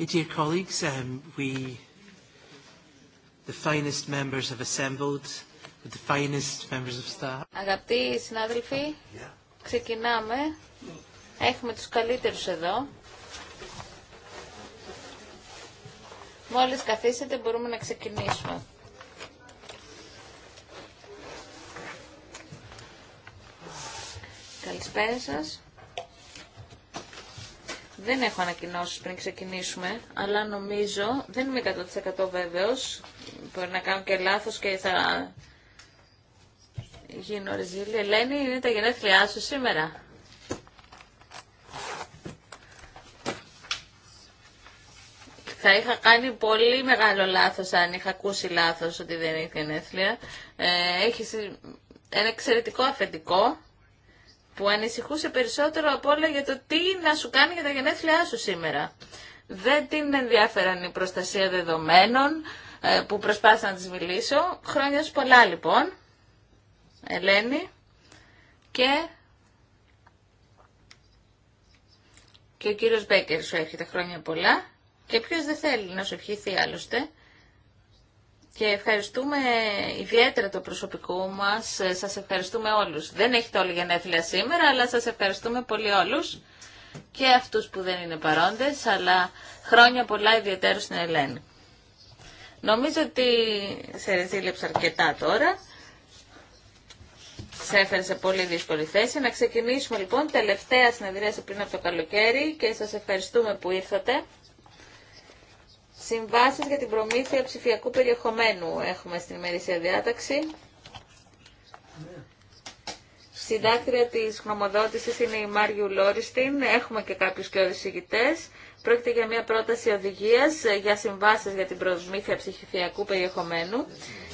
Okay, dear colleagues, um, we, the finest members have assembled, with the finest members of staff. Αγαπητοί συνάδελφοι, ξεκινάμε. Έχουμε τους καλύτερους εδώ. Μόλις καθίσετε μπορούμε να ξεκινήσουμε. Καλησπέρα σας. Δεν έχω ανακοινώσει πριν ξεκινήσουμε, αλλά νομίζω, δεν είμαι 100% βέβαιος, μπορεί να κάνω και λάθος και θα γίνω ριζίλη. Ελένη, είναι τα γενέθλιά σου σήμερα. θα είχα κάνει πολύ μεγάλο λάθος αν είχα ακούσει λάθος ότι δεν είχε γενέθλια. Ε, έχεις ένα εξαιρετικό αφεντικό που ανησυχούσε περισσότερο από όλα για το τι να σου κάνει για τα γενέθλιά σου σήμερα. Δεν την ενδιαφέραν η προστασία δεδομένων ε, που προσπάθησα να της μιλήσω. Χρόνια σου πολλά λοιπόν, Ελένη. Και... και ο κύριος Μπέκερ σου έρχεται χρόνια πολλά. Και ποιος δεν θέλει να σου ευχηθεί άλλωστε και ευχαριστούμε ιδιαίτερα το προσωπικό μας. Σας ευχαριστούμε όλους. Δεν έχετε όλοι γενέθλια σήμερα, αλλά σας ευχαριστούμε πολύ όλους και αυτούς που δεν είναι παρόντες, αλλά χρόνια πολλά ιδιαίτερα στην Ελένη. Νομίζω ότι σε ρεζίλεψα αρκετά τώρα. Σε έφερε σε πολύ δύσκολη θέση. Να ξεκινήσουμε λοιπόν τελευταία συνεδρίαση πριν από το καλοκαίρι και σας ευχαριστούμε που ήρθατε. Συμβάσει για την προμήθεια ψηφιακού περιεχομένου έχουμε στην ημερήσια διάταξη. Συντάκτρια τη γνωμοδότησης είναι η Μάριου Λόριστιν. Έχουμε και κάποιου και οδησηγητές. Πρόκειται για μια πρόταση οδηγία για συμβάσει για την προμήθεια ψηφιακού περιεχομένου.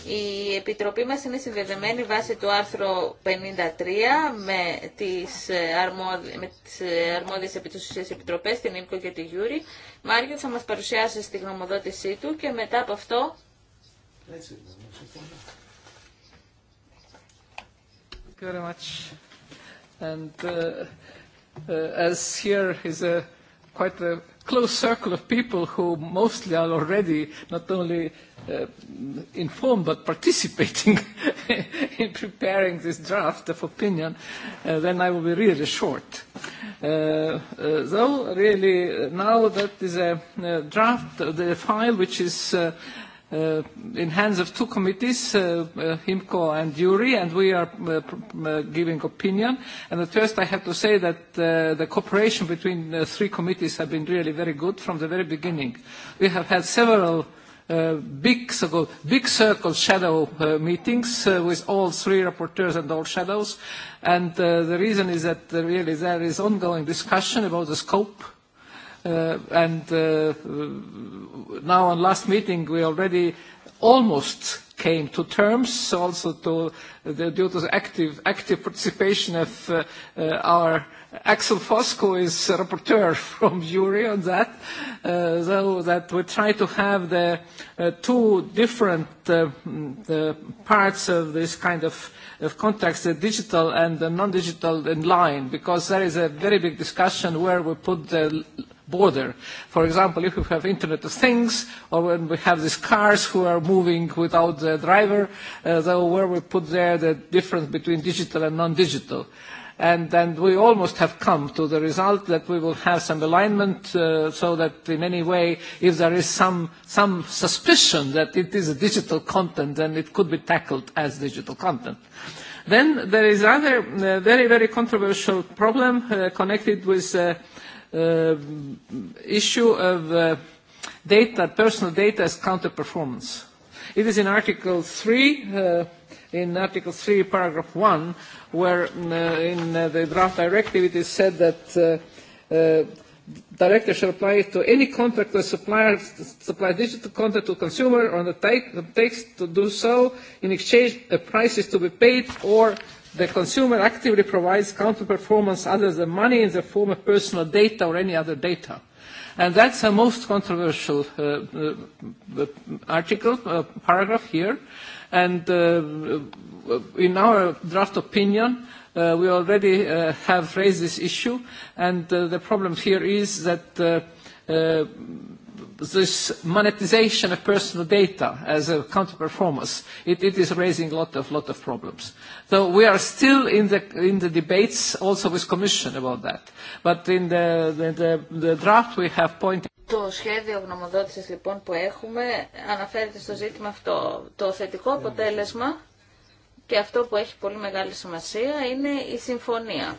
Η Επιτροπή μας είναι συνδεδεμένη βάσει του άρθρου 53 με τις, ε, αρμόδι... με τις ε, αρμόδιες επιτροπές, την ΙΜΚΟ και τη Γιούρη. Μάριο θα μας παρουσιάσει στη γνωμοδότησή του και μετά από αυτό quite a close circle of people who mostly are already not only informed but participating in preparing this draft of opinion, then I will be really short. Though really now that is a draft, the file which is in hands of two committees, Himco and JURI, and we are giving opinion. And at first I have to say that the cooperation between the three committees has been really very good from the very beginning. We have had several big circle shadow meetings with all three rapporteurs and all shadows, and the reason is that really there is ongoing discussion about the scope And now on last meeting we already almost came to terms also due to the active participation of our Axel Fosco is a rapporteur from Jury on that, so that we try to have the two different parts of this kind of context, the digital and the non-digital in line, because there is a very big discussion where we put the border. For example, if we have Internet of Things, or when we have these cars who are moving without the driver, though where we put there the difference between digital and non-digital. And then we almost have come to the result that we will have some alignment so that in any way, if there is some some suspicion that it is a digital content, then it could be tackled as digital content. Then there is another very, very controversial problem connected with issue of data, personal data as counter-performance. It is in Article 3, in Article 3, Paragraph 1, where in the draft directive it is said that director shall apply to any contract or supplier supply digital content to consumer or takes to do so in exchange prices to be paid or The consumer actively provides counter-performance other than money in the form of personal data or any other data. And that's the most controversial article, paragraph here. And in our draft opinion, we already have raised this issue. And the problem here is that this monetization of personal data as a counter-performance, it, it is raising a lot of, lot of problems. So we are still in the, in the debates also with Commission about that. But in the, the, the, the draft we have pointed το σχέδιο γνωμοδότησης λοιπόν που έχουμε αναφέρεται στο ζήτημα αυτό. Το θετικό αποτέλεσμα και αυτό που έχει πολύ μεγάλη σημασία είναι η συμφωνία.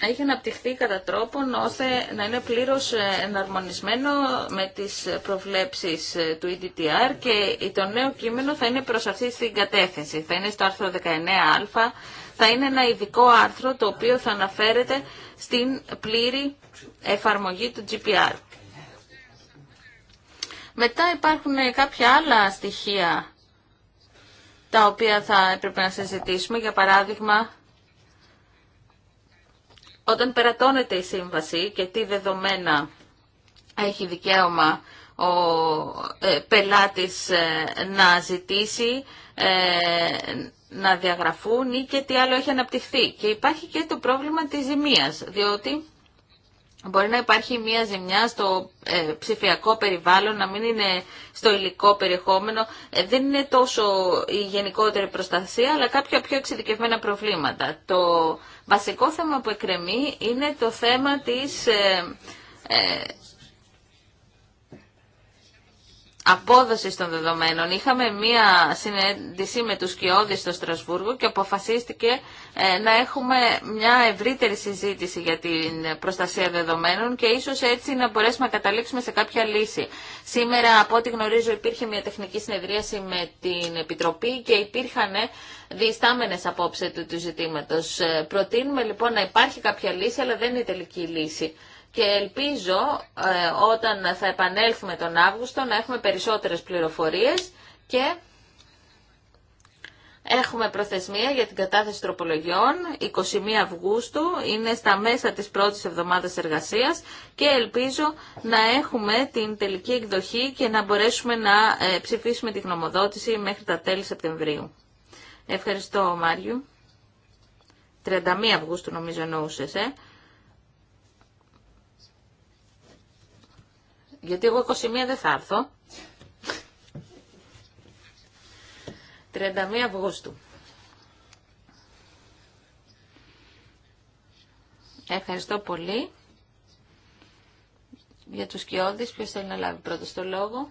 έχει αναπτυχθεί κατά τρόπον ώστε να είναι πλήρως ε, εναρμονισμένο με τις προβλέψεις ε, του EDTR και το νέο κείμενο θα είναι προς αυτή την κατεύθυνση. Θα είναι στο άρθρο 19α, θα είναι ένα ειδικό άρθρο το οποίο θα αναφέρεται στην πλήρη εφαρμογή του GPR. Μετά υπάρχουν ε, κάποια άλλα στοιχεία τα οποία θα έπρεπε να συζητήσουμε, για παράδειγμα όταν περατώνεται η σύμβαση και τι δεδομένα έχει δικαίωμα ο ε, πελάτης ε, να ζητήσει, ε, να διαγραφούν ή και τι άλλο έχει αναπτυχθεί. Και υπάρχει και το πρόβλημα της ζημίας, διότι μπορεί να υπάρχει μια ζημιά στο ψηφιακό περιβάλλον, να μην είναι στο υλικό περιεχόμενο, δεν είναι τόσο η γενικότερη προστασία, αλλά κάποια πιο εξειδικευμένα προβλήματα. Το Βασικό θέμα που εκκρεμεί είναι το θέμα της ε, ε, Απόδοση των δεδομένων. Είχαμε μία συνέντηση με τους Κιώδης στο Στρασβούργο και αποφασίστηκε ε, να έχουμε μια ευρύτερη συζήτηση για την προστασία δεδομένων και ίσως έτσι να μπορέσουμε να καταλήξουμε σε κάποια λύση. Σήμερα, από ό,τι γνωρίζω, υπήρχε μια τεχνική συνεδρίαση με την Επιτροπή και υπήρχαν ε, διστάμενες απόψε του, του ζητήματος. Ε, προτείνουμε λοιπόν να υπάρχει κάποια λύση, αλλά δεν είναι η τελική λύση και ελπίζω ε, όταν θα επανέλθουμε τον Αύγουστο να έχουμε περισσότερες πληροφορίες και έχουμε προθεσμία για την κατάθεση τροπολογιών 21 Αυγούστου, είναι στα μέσα της πρώτης εβδομάδας εργασίας και ελπίζω να έχουμε την τελική εκδοχή και να μπορέσουμε να ε, ψηφίσουμε τη γνωμοδότηση μέχρι τα τέλη Σεπτεμβρίου. Ευχαριστώ Μάριου. 31 Αυγούστου νομίζω εννοούσες, ε. Γιατί εγώ 21 δεν θα έρθω. 31 Αυγούστου. Ευχαριστώ πολύ. Για τους κοιόδης, ποιος θέλει να λάβει πρώτος το λόγο.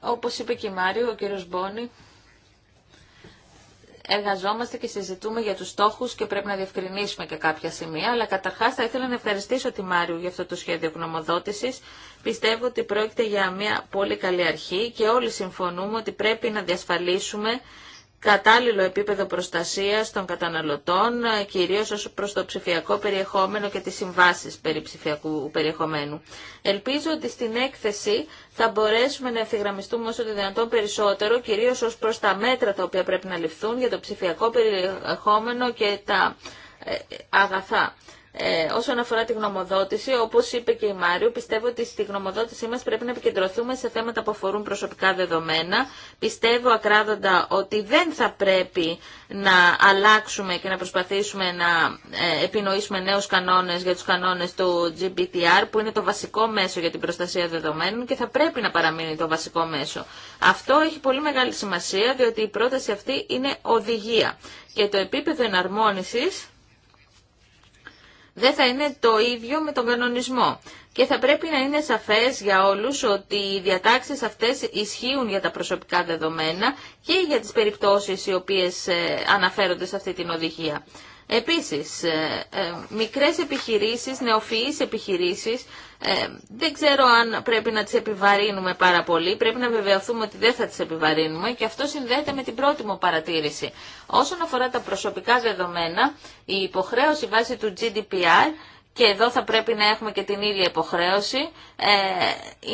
Όπως είπε και η Μάριο, ο κύριος Μπόνι εργαζόμαστε και συζητούμε για τους στόχους και πρέπει να διευκρινίσουμε και κάποια σημεία. Αλλά καταρχάς θα ήθελα να ευχαριστήσω τη Μάριου για αυτό το σχέδιο γνωμοδότησης. Πιστεύω ότι πρόκειται για μια πολύ καλή αρχή και όλοι συμφωνούμε ότι πρέπει να διασφαλίσουμε κατάλληλο επίπεδο προστασίας των καταναλωτών, ε, κυρίως ως προς το ψηφιακό περιεχόμενο και τις συμβάσεις περί ψηφιακού περιεχομένου. Ελπίζω ότι στην έκθεση θα μπορέσουμε να ευθυγραμμιστούμε όσο το δυνατόν περισσότερο, κυρίως ως προς τα μέτρα τα οποία πρέπει να ληφθούν για το ψηφιακό περιεχόμενο και τα ε, ε, αγαθά. Ε, όσον αφορά τη γνωμοδότηση, όπω είπε και η Μάριο, πιστεύω ότι στη γνωμοδότησή μα πρέπει να επικεντρωθούμε σε θέματα που αφορούν προσωπικά δεδομένα. Πιστεύω ακράδαντα ότι δεν θα πρέπει να αλλάξουμε και να προσπαθήσουμε να ε, επινοήσουμε νέου κανόνε για του κανόνε του GPTR, που είναι το βασικό μέσο για την προστασία δεδομένων και θα πρέπει να παραμείνει το βασικό μέσο. Αυτό έχει πολύ μεγάλη σημασία, διότι η πρόταση αυτή είναι οδηγία. Και το επίπεδο εναρμόνισης δεν θα είναι το ίδιο με τον κανονισμό. Και θα πρέπει να είναι σαφές για όλους ότι οι διατάξεις αυτές ισχύουν για τα προσωπικά δεδομένα και για τις περιπτώσεις οι οποίες ε, αναφέρονται σε αυτή την οδηγία. Επίσης, ε, ε, μικρές επιχειρήσεις, νεοφυείς επιχειρήσεις, ε, δεν ξέρω αν πρέπει να τις επιβαρύνουμε πάρα πολύ, πρέπει να βεβαιωθούμε ότι δεν θα τις επιβαρύνουμε και αυτό συνδέεται με την πρώτη μου παρατήρηση. Όσον αφορά τα προσωπικά δεδομένα, η υποχρέωση βάσει του GDPR και εδώ θα πρέπει να έχουμε και την ίδια υποχρέωση, ε,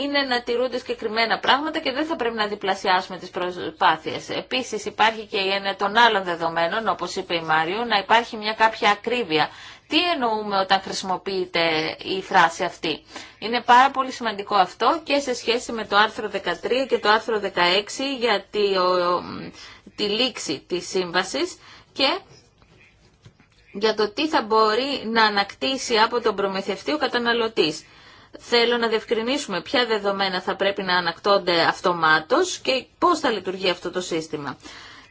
είναι να τηρούνται συγκεκριμένα πράγματα και δεν θα πρέπει να διπλασιάσουμε τις προσπάθειες. Επίσης υπάρχει και η έννοια των άλλων δεδομένων, όπως είπε η Μάριου, να υπάρχει μια κάποια ακρίβεια. Τι εννοούμε όταν χρησιμοποιείται η φράση αυτή. Είναι πάρα πολύ σημαντικό αυτό και σε σχέση με το άρθρο 13 και το άρθρο 16 για τη, ο, τη λήξη της σύμβασης και για το τι θα μπορεί να ανακτήσει από τον προμηθευτή ο καταναλωτής. Θέλω να διευκρινίσουμε ποια δεδομένα θα πρέπει να ανακτώνται αυτομάτως και πώς θα λειτουργεί αυτό το σύστημα.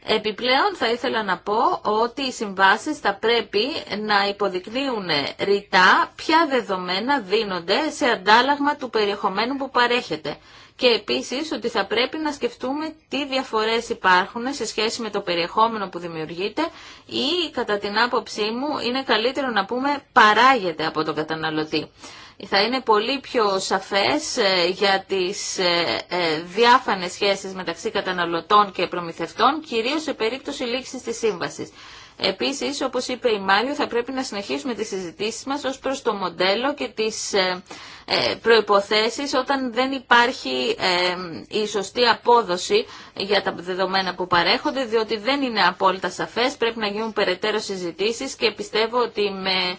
Επιπλέον θα ήθελα να πω ότι οι συμβάσεις θα πρέπει να υποδεικνύουν ρητά ποια δεδομένα δίνονται σε αντάλλαγμα του περιεχομένου που παρέχεται και επίσης ότι θα πρέπει να σκεφτούμε τι διαφορές υπάρχουν σε σχέση με το περιεχόμενο που δημιουργείται ή κατά την άποψή μου είναι καλύτερο να πούμε παράγεται από τον καταναλωτή. Θα είναι πολύ πιο σαφές ε, για τις ε, ε, διάφανες σχέσεις μεταξύ καταναλωτών και προμηθευτών, κυρίως σε περίπτωση λήξης της σύμβασης. Επίσης, όπως είπε η Μάριο, θα πρέπει να συνεχίσουμε τις συζητήσεις μας ως προς το μοντέλο και τις ε, ε, προϋποθέσεις όταν δεν υπάρχει ε, η σωστή απόδοση για τα δεδομένα που παρέχονται, διότι δεν είναι απόλυτα σαφές, πρέπει να γίνουν περαιτέρω συζητήσεις και πιστεύω ότι με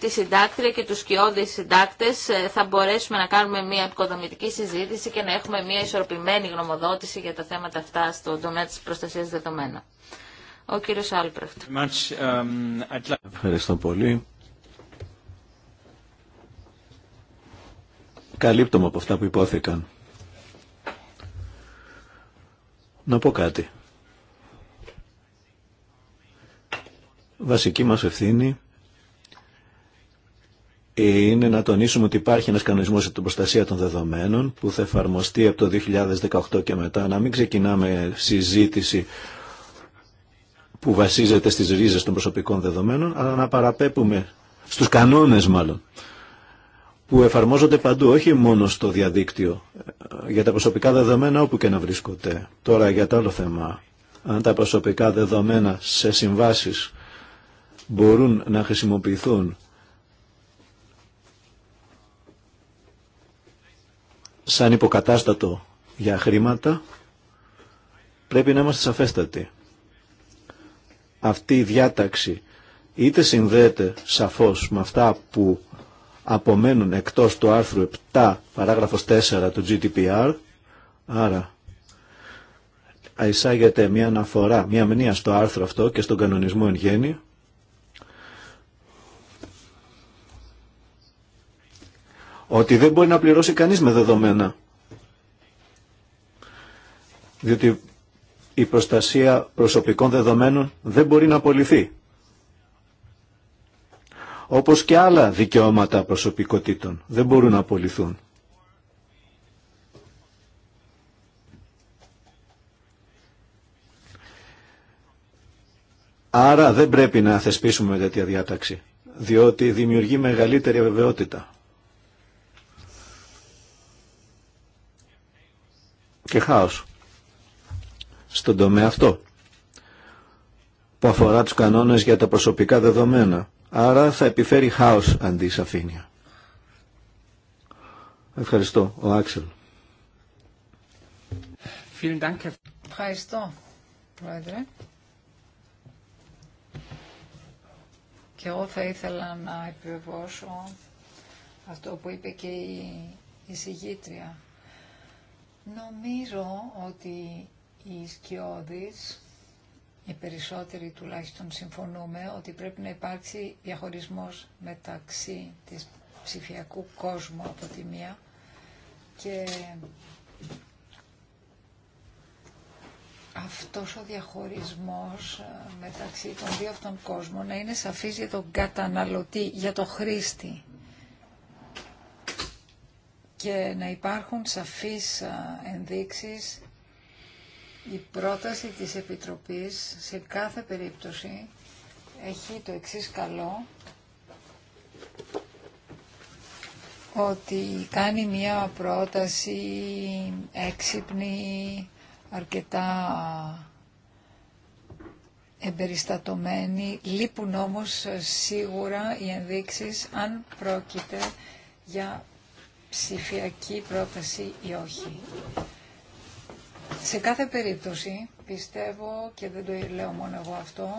τη συντάκτρια και τους σκιώδεις συντάκτες θα μπορέσουμε να κάνουμε μια επικοδομητική συζήτηση και να έχουμε μια ισορροπημένη γνωμοδότηση για τα θέματα αυτά στον τομέα της προστασίας δεδομένων. Ο κύριος Άλπρεχτ. Ευχαριστώ πολύ. με από αυτά που υπόθηκαν. Να πω κάτι. Βασική μας ευθύνη είναι να τονίσουμε ότι υπάρχει ένας κανονισμός για την προστασία των δεδομένων που θα εφαρμοστεί από το 2018 και μετά. Να μην ξεκινάμε συζήτηση που βασίζεται στις ρίζες των προσωπικών δεδομένων, αλλά να παραπέπουμε στους κανόνες μάλλον, που εφαρμόζονται παντού, όχι μόνο στο διαδίκτυο, ε, για τα προσωπικά δεδομένα όπου και να βρίσκονται. Τώρα για το άλλο θέμα, αν τα προσωπικά δεδομένα σε συμβάσεις μπορούν να χρησιμοποιηθούν σαν υποκατάστατο για χρήματα, πρέπει να είμαστε σαφέστατοι αυτή η διάταξη είτε συνδέεται σαφώς με αυτά που απομένουν εκτός του άρθρου 7 παράγραφος 4 του GDPR, άρα αισάγεται μια αναφορά, μια μνήμα στο άρθρο αυτό και στον κανονισμό εν γέννη, ότι δεν μπορεί να πληρώσει κανείς με δεδομένα. Διότι η προστασία προσωπικών δεδομένων δεν μπορεί να απολυθεί. Όπως και άλλα δικαιώματα προσωπικότητων δεν μπορούν να απολυθούν. Άρα δεν πρέπει να θεσπίσουμε τέτοια διάταξη, διότι δημιουργεί μεγαλύτερη βεβαιότητα. Και χάος στον τομέα αυτό που αφορά τους κανόνες για τα προσωπικά δεδομένα. Άρα θα επιφέρει χάος αντί σαφήνεια. Ευχαριστώ. Ο Άξελ. Ευχαριστώ, Πρόεδρε. Και εγώ θα ήθελα να επιβεβαιώσω αυτό που είπε και η συγγήτρια. Νομίζω ότι οι σκιώδεις, οι περισσότεροι τουλάχιστον συμφωνούμε ότι πρέπει να υπάρξει διαχωρισμός μεταξύ της ψηφιακού κόσμου από τη μία και αυτός ο διαχωρισμός ε, μεταξύ των δύο αυτών κόσμων να είναι σαφής για τον καταναλωτή, για τον χρήστη και να υπάρχουν σαφείς ε, ενδείξεις η πρόταση της Επιτροπής σε κάθε περίπτωση έχει το εξής καλό ότι κάνει μία πρόταση έξυπνη, αρκετά εμπεριστατωμένη. Λείπουν όμως σίγουρα οι ενδείξεις αν πρόκειται για ψηφιακή πρόταση ή όχι. Σε κάθε περίπτωση πιστεύω και δεν το λέω μόνο εγώ αυτό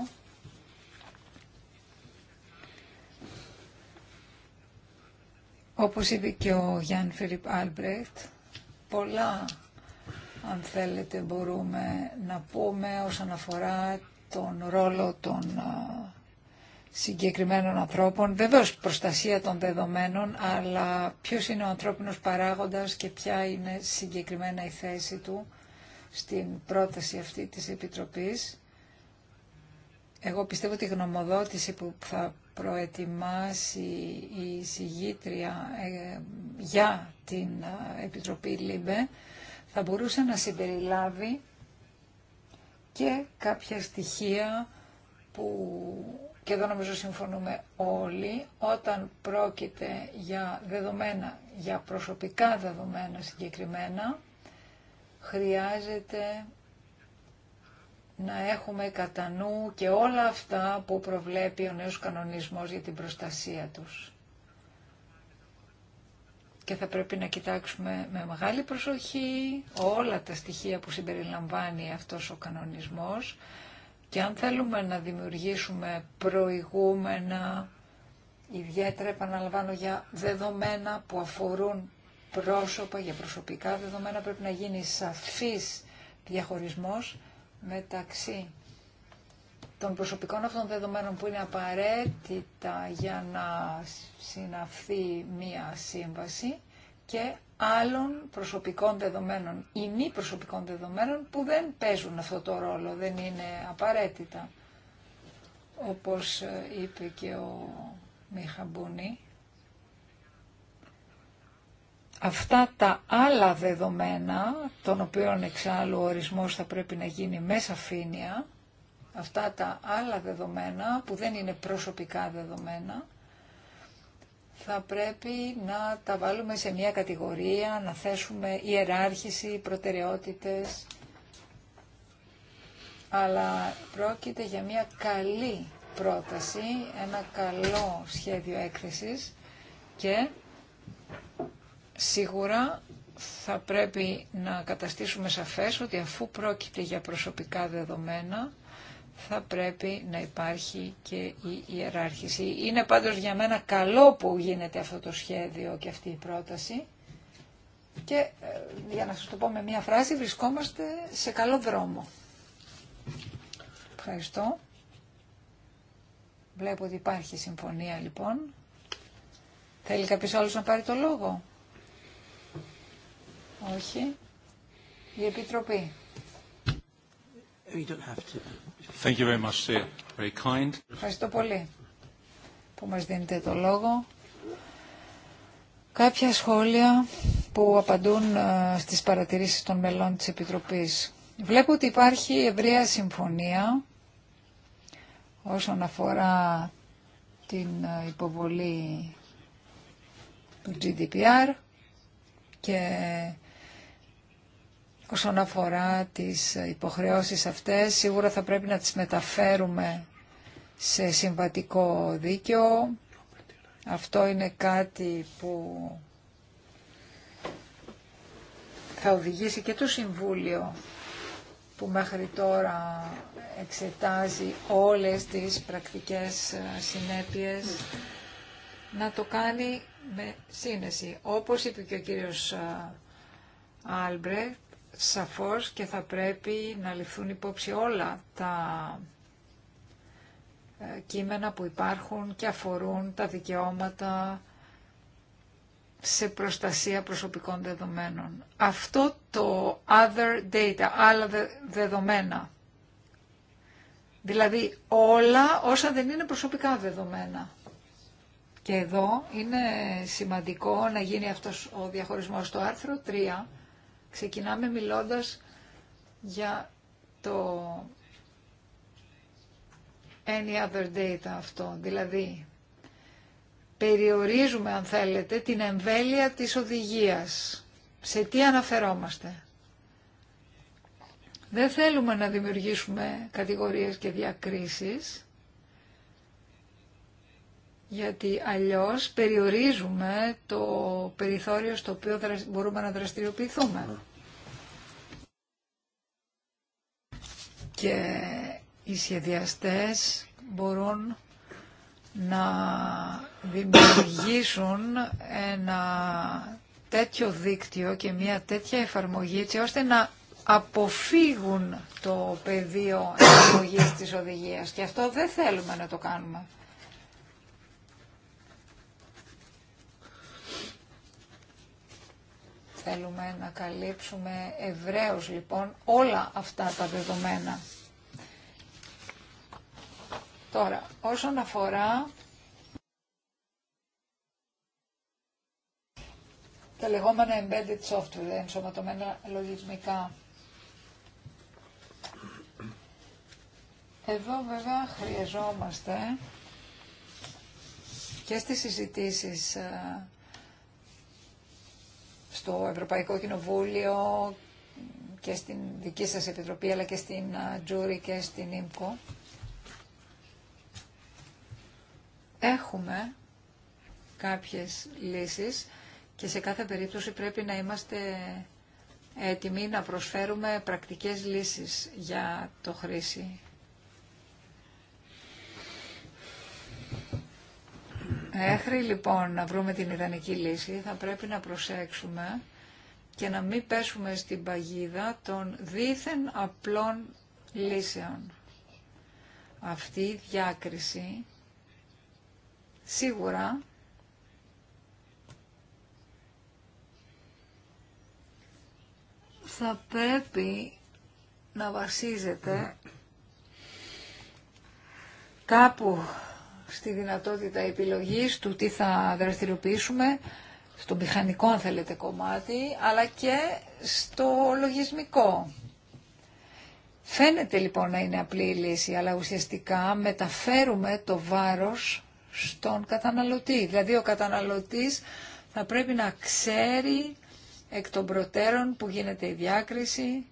όπως είπε και ο Γιάνν Φιλιπ Άλμπρεχτ πολλά αν θέλετε μπορούμε να πούμε όσον αφορά τον ρόλο των συγκεκριμένων ανθρώπων, βεβαίως προστασία των δεδομένων, αλλά ποιος είναι ο ανθρώπινος παράγοντας και ποια είναι συγκεκριμένα η θέση του στην πρόταση αυτή της Επιτροπής. Εγώ πιστεύω ότι η γνωμοδότηση που θα προετοιμάσει η συγγήτρια ε, για την ε, Επιτροπή ΛΥΜΠΕ θα μπορούσε να συμπεριλάβει και κάποια στοιχεία που και εδώ νομίζω συμφωνούμε όλοι, όταν πρόκειται για δεδομένα, για προσωπικά δεδομένα συγκεκριμένα, χρειάζεται να έχουμε κατά νου και όλα αυτά που προβλέπει ο νέος κανονισμός για την προστασία τους. Και θα πρέπει να κοιτάξουμε με μεγάλη προσοχή όλα τα στοιχεία που συμπεριλαμβάνει αυτός ο κανονισμός και αν θέλουμε να δημιουργήσουμε προηγούμενα, ιδιαίτερα επαναλαμβάνω για δεδομένα που αφορούν πρόσωπα, για προσωπικά δεδομένα πρέπει να γίνει σαφής διαχωρισμός μεταξύ των προσωπικών αυτών δεδομένων που είναι απαραίτητα για να συναυθεί μία σύμβαση και άλλων προσωπικών δεδομένων ή μη προσωπικών δεδομένων που δεν παίζουν αυτό το ρόλο, δεν είναι απαραίτητα. Όπως είπε και ο Μιχαμπούνη, αυτά τα άλλα δεδομένα, των οποίων εξάλλου ο ορισμός θα πρέπει να γίνει με σαφήνεια, αυτά τα άλλα δεδομένα που δεν είναι προσωπικά δεδομένα, θα πρέπει να τα βάλουμε σε μια κατηγορία, να θέσουμε ιεράρχηση, προτεραιότητες, αλλά πρόκειται για μια καλή πρόταση, ένα καλό σχέδιο έκθεσης και Σίγουρα θα πρέπει να καταστήσουμε σαφές ότι αφού πρόκειται για προσωπικά δεδομένα θα πρέπει να υπάρχει και η ιεράρχηση. Είναι πάντως για μένα καλό που γίνεται αυτό το σχέδιο και αυτή η πρόταση και ε, για να σας το πω με μία φράση βρισκόμαστε σε καλό δρόμο. Ευχαριστώ. Βλέπω ότι υπάρχει συμφωνία λοιπόν. Θέλει κάποιος άλλος να πάρει το λόγο. Όχι. Η Επιτροπή. Ευχαριστώ πολύ που μας δίνετε το λόγο. Κάποια σχόλια που απαντούν ε, στις παρατηρήσεις των μελών της Επιτροπής. Βλέπω ότι υπάρχει ευρεία συμφωνία όσον αφορά την ε, υποβολή του GDPR και Όσον αφορά τις υποχρεώσεις αυτές, σίγουρα θα πρέπει να τις μεταφέρουμε σε συμβατικό δίκαιο. Αυτό είναι κάτι που θα οδηγήσει και το Συμβούλιο που μέχρι τώρα εξετάζει όλες τις πρακτικές ε, συνέπειες να το κάνει με σύνεση. Όπως είπε και ο κύριος ε, Άλμπρεχτ, σαφώς και θα πρέπει να ληφθούν υπόψη όλα τα ε, κείμενα που υπάρχουν και αφορούν τα δικαιώματα σε προστασία προσωπικών δεδομένων. Αυτό το other data, άλλα δεδομένα. Δηλαδή όλα όσα δεν είναι προσωπικά δεδομένα. Και εδώ είναι σημαντικό να γίνει αυτός ο διαχωρισμός στο άρθρο 3 Ξεκινάμε μιλώντας για το any other data αυτό, δηλαδή περιορίζουμε αν θέλετε την εμβέλεια της οδηγίας. Σε τι αναφερόμαστε. Δεν θέλουμε να δημιουργήσουμε κατηγορίες και διακρίσεις γιατί αλλιώς περιορίζουμε το περιθώριο στο οποίο μπορούμε να δραστηριοποιηθούμε. Και οι σχεδιαστές μπορούν να δημιουργήσουν ένα τέτοιο δίκτυο και μια τέτοια εφαρμογή έτσι ώστε να αποφύγουν το πεδίο εφαρμογής της οδηγίας και αυτό δεν θέλουμε να το κάνουμε. Θέλουμε να καλύψουμε ευρέως λοιπόν όλα αυτά τα δεδομένα. Τώρα, όσον αφορά τα λεγόμενα embedded software, ενσωματωμένα λογισμικά. Εδώ βέβαια χρειαζόμαστε και στις συζητήσεις ε, στο Ευρωπαϊκό Κοινοβούλιο και στην δική σας Επιτροπή αλλά και στην Τζούρι και στην ΙΜΚΟ. Έχουμε κάποιες λύσεις και σε κάθε περίπτωση πρέπει να είμαστε έτοιμοι να προσφέρουμε πρακτικές λύσεις για το χρήση. Μέχρι λοιπόν να βρούμε την ιδανική λύση θα πρέπει να προσέξουμε και να μην πέσουμε στην παγίδα των δίθεν απλών λύσεων. Αυτή η διάκριση σίγουρα θα πρέπει να βασίζεται κάπου στη δυνατότητα επιλογής του τι θα δραστηριοποιήσουμε στο μηχανικό αν θέλετε κομμάτι, αλλά και στο λογισμικό. Φαίνεται λοιπόν να είναι απλή η λύση, αλλά ουσιαστικά μεταφέρουμε το βάρος στον καταναλωτή. Δηλαδή ο καταναλωτής θα πρέπει να ξέρει εκ των προτέρων που γίνεται η διάκριση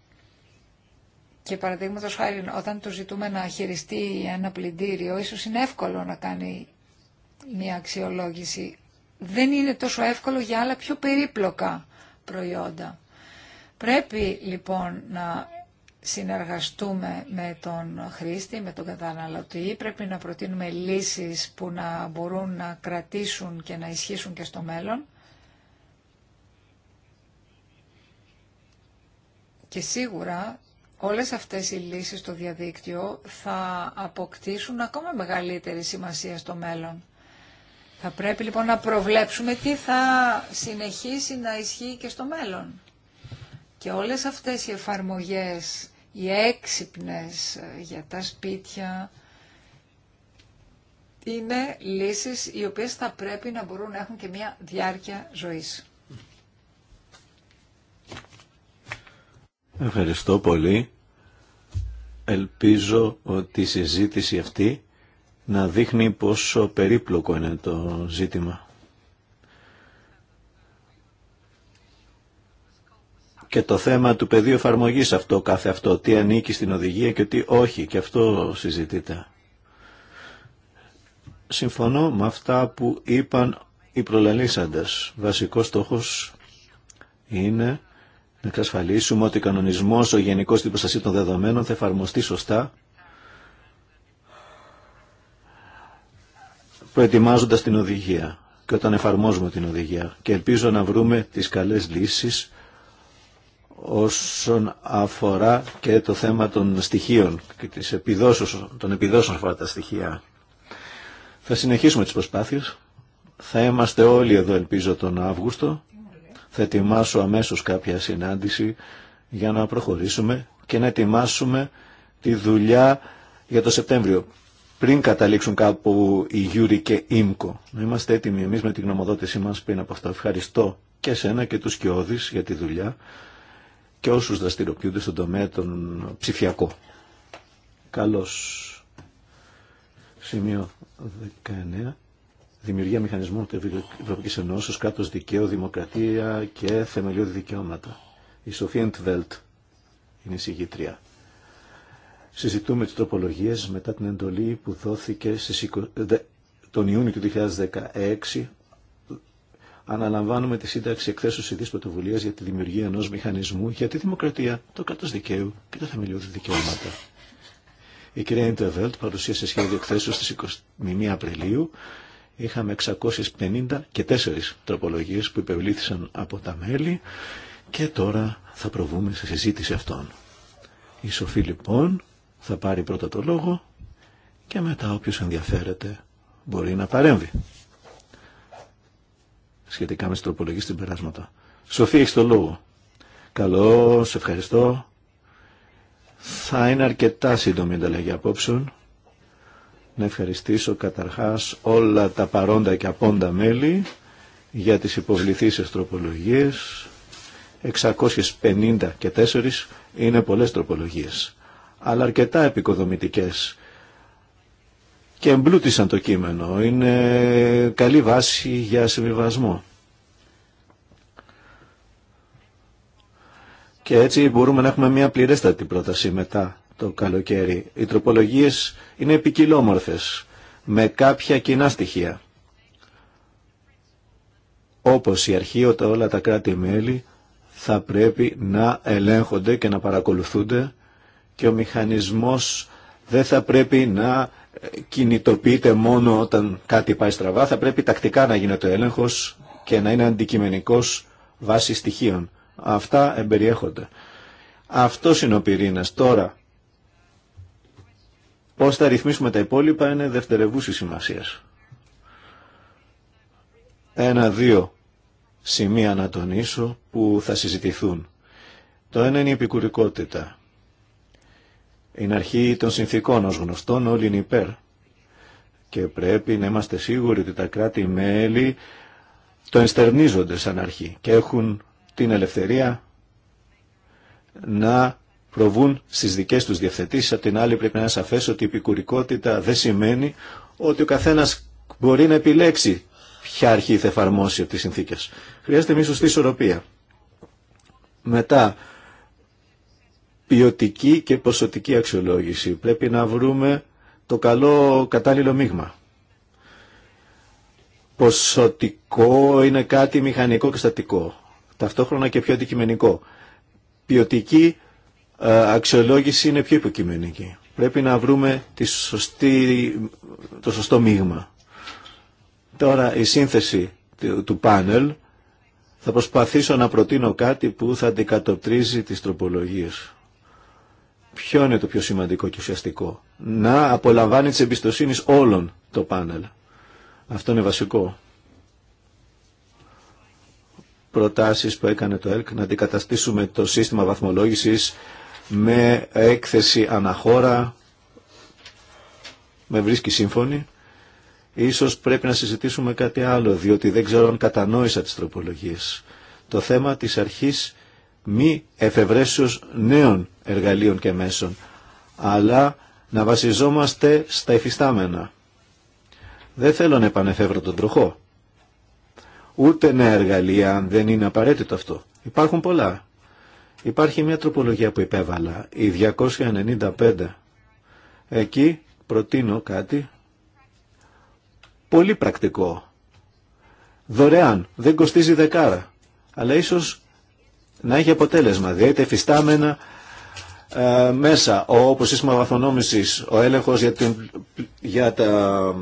και παραδείγματο χάρη, όταν του ζητούμε να χειριστεί ένα πλυντήριο, ίσως είναι εύκολο να κάνει μια αξιολόγηση. Δεν είναι τόσο εύκολο για άλλα πιο περίπλοκα προϊόντα. Πρέπει λοιπόν να συνεργαστούμε με τον χρήστη, με τον καταναλωτή. Πρέπει να προτείνουμε λύσεις που να μπορούν να κρατήσουν και να ισχύσουν και στο μέλλον. Και σίγουρα όλες αυτές οι λύσεις στο διαδίκτυο θα αποκτήσουν ακόμα μεγαλύτερη σημασία στο μέλλον. Θα πρέπει λοιπόν να προβλέψουμε τι θα συνεχίσει να ισχύει και στο μέλλον. Και όλες αυτές οι εφαρμογές, οι έξυπνες ε, για τα σπίτια, είναι λύσεις οι οποίες θα πρέπει να μπορούν να έχουν και μια διάρκεια ζωής. Ευχαριστώ πολύ. Ελπίζω ότι η συζήτηση αυτή να δείχνει πόσο περίπλοκο είναι το ζήτημα. Και το θέμα του πεδίου εφαρμογή αυτό κάθε αυτό, τι ανήκει στην οδηγία και τι όχι, και αυτό συζητείται. Συμφωνώ με αυτά που είπαν οι προλαλήσαντες. Βασικός στόχος είναι να εξασφαλίσουμε ότι ο κανονισμός, ο γενικός τύπος προστασία των δεδομένων θα εφαρμοστεί σωστά, προετοιμάζοντας την οδηγία και όταν εφαρμόζουμε την οδηγία. Και ελπίζω να βρούμε τις καλές λύσεις όσον αφορά και το θέμα των στοιχείων και της επιδόσεως, των επιδόσεων αφορά τα στοιχεία. Θα συνεχίσουμε τις προσπάθειες. Θα είμαστε όλοι εδώ ελπίζω τον Αύγουστο θα ετοιμάσω αμέσως κάποια συνάντηση για να προχωρήσουμε και να ετοιμάσουμε τη δουλειά για το Σεπτέμβριο. Πριν καταλήξουν κάπου οι Γιούρι και Ίμκο. Να είμαστε έτοιμοι εμεί με την γνωμοδότησή μας πριν από αυτό. Ευχαριστώ και σένα και τους Κιώδης για τη δουλειά και όσους δραστηριοποιούνται στον τομέα των ψηφιακό. Καλώς. Σημείο 19 δημιουργία μηχανισμών Ευρωπαϊκή Ευρωπαϊκή Ενώση, Κράτο δικαίου, δημοκρατία και θεμελιώδη δικαιώματα. Η Σοφία Εντβέλτ είναι η συγγήτρια. Συζητούμε τις τροπολογίες μετά την εντολή που δόθηκε στις 20... τον Ιούνιο του 2016. Αναλαμβάνουμε τη σύνταξη εκθέσεως ειδής πρωτοβουλία για τη δημιουργία ενός μηχανισμού για τη δημοκρατία, το κράτος δικαίου και τα θεμελιώδη δικαιώματα. Η κυρία Ιντεβέλτ παρουσίασε σχέδιο εκθέσεως στις 21 Απριλίου είχαμε 654 τροπολογίες που υπευλήθησαν από τα μέλη και τώρα θα προβούμε σε συζήτηση αυτών. Η Σοφή λοιπόν θα πάρει πρώτα το λόγο και μετά όποιος ενδιαφέρεται μπορεί να παρέμβει σχετικά με τις τροπολογίες στην περάσματα. Σοφή, έχει το λόγο. Καλό, σε ευχαριστώ. Θα είναι αρκετά σύντομη η ανταλλαγή απόψεων να ευχαριστήσω καταρχάς όλα τα παρόντα και απόντα μέλη για τις υποβληθήσεις τροπολογίες. 654 είναι πολλές τροπολογίες, αλλά αρκετά επικοδομητικές και εμπλούτησαν το κείμενο. Είναι καλή βάση για συμβιβασμό. Και έτσι μπορούμε να έχουμε μια πληρέστατη πρόταση μετά το καλοκαίρι. Οι τροπολογίες είναι επικιλόμορθες με κάποια κοινά στοιχεία. Όπως η αρχή, όλα τα κράτη-μέλη θα πρέπει να ελέγχονται και να παρακολουθούνται και ο μηχανισμός δεν θα πρέπει να κινητοποιείται μόνο όταν κάτι πάει στραβά, θα πρέπει τακτικά να γίνεται ο έλεγχος και να είναι αντικειμενικός βάση στοιχείων. Αυτά εμπεριέχονται. Αυτό είναι ο πυρήνας. Τώρα, Πώς θα ρυθμίσουμε τα υπόλοιπα είναι σημασια σημασίας. Ένα-δύο σημεία να τονίσω που θα συζητηθούν. Το ένα είναι η επικουρικότητα. Είναι αρχή των συνθήκων ως γνωστόν όλοι είναι υπέρ. Και πρέπει να είμαστε σίγουροι ότι τα κράτη-μέλη το ενστερνίζονται σαν αρχή και έχουν την ελευθερία να προβούν στις δικές τους διευθετήσει. Απ' την άλλη πρέπει να είναι σαφέ ότι η επικουρικότητα δεν σημαίνει ότι ο καθένας μπορεί να επιλέξει ποια αρχή θα εφαρμόσει από τι συνθήκες. Χρειάζεται μια σωστή ισορροπία. Μετά, ποιοτική και ποσοτική αξιολόγηση. Πρέπει να βρούμε το καλό κατάλληλο μείγμα. Ποσοτικό είναι κάτι μηχανικό και στατικό. Ταυτόχρονα και πιο αντικειμενικό. Ποιοτική ε, αξιολόγηση είναι πιο υποκειμενική. Πρέπει να βρούμε τη σωστή, το σωστό μείγμα. Τώρα η σύνθεση του πάνελ θα προσπαθήσω να προτείνω κάτι που θα αντικατοπτρίζει τις τροπολογίες. Ποιο είναι το πιο σημαντικό και ουσιαστικό. Να απολαμβάνει τις εμπιστοσύνης όλων το πάνελ. Αυτό είναι βασικό. Προτάσεις που έκανε το ΕΛΚ να αντικαταστήσουμε το σύστημα βαθμολόγησης με έκθεση αναχώρα, με βρίσκει σύμφωνη. Ίσως πρέπει να συζητήσουμε κάτι άλλο, διότι δεν ξέρω αν κατανόησα τις τροπολογίες. Το θέμα της αρχής μη εφευρέσεως νέων εργαλείων και μέσων, αλλά να βασιζόμαστε στα εφιστάμενα. Δεν θέλω να επανεφεύρω τον τροχό. Ούτε νέα εργαλεία, αν δεν είναι απαραίτητο αυτό. Υπάρχουν πολλά. Υπάρχει μια τροπολογία που υπέβαλα, η 295. Εκεί προτείνω κάτι πολύ πρακτικό. Δωρεάν, δεν κοστίζει δεκάρα, αλλά ίσως να έχει αποτέλεσμα, διότι δηλαδή, εφιστάμενα ε, μέσα ο, όπως σύστημα βαθονόμησης, ο έλεγχος για, την, για, τα,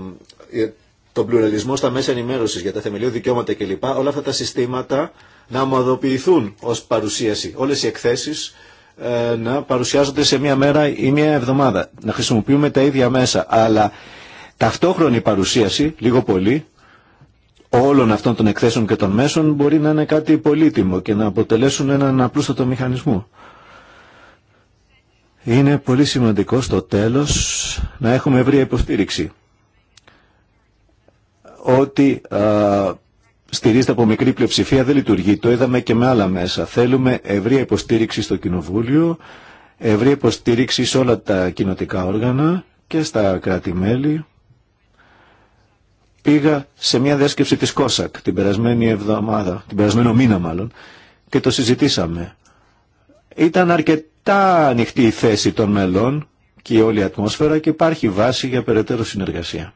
για τον πλουραλισμό στα μέσα ενημέρωσης, για τα θεμελιώδη δικαιώματα κλπ. Όλα αυτά τα συστήματα να ομοδοποιηθούν ως παρουσίαση. Όλες οι εκθέσεις ε, να παρουσιάζονται σε μία μέρα ή μία εβδομάδα. Να χρησιμοποιούμε τα ίδια μέσα. Αλλά ταυτόχρονη παρουσίαση, λίγο πολύ, όλων αυτών των εκθέσεων και των μέσων μπορεί να είναι κάτι πολύτιμο και να αποτελέσουν έναν απλούστατο μηχανισμό. Είναι πολύ σημαντικό στο τέλος να έχουμε ευρία υποστήριξη. Ότι α, στηρίζεται από μικρή πλειοψηφία δεν λειτουργεί. Το είδαμε και με άλλα μέσα. Θέλουμε ευρία υποστήριξη στο Κοινοβούλιο, ευρία υποστήριξη σε όλα τα κοινοτικά όργανα και στα κράτη-μέλη. Πήγα σε μια διάσκεψη της ΚΟΣΑΚ την περασμένη εβδομάδα, την περασμένο μήνα μάλλον, και το συζητήσαμε. Ήταν αρκετά ανοιχτή η θέση των μελών και η όλη η ατμόσφαιρα και υπάρχει βάση για περαιτέρω συνεργασία.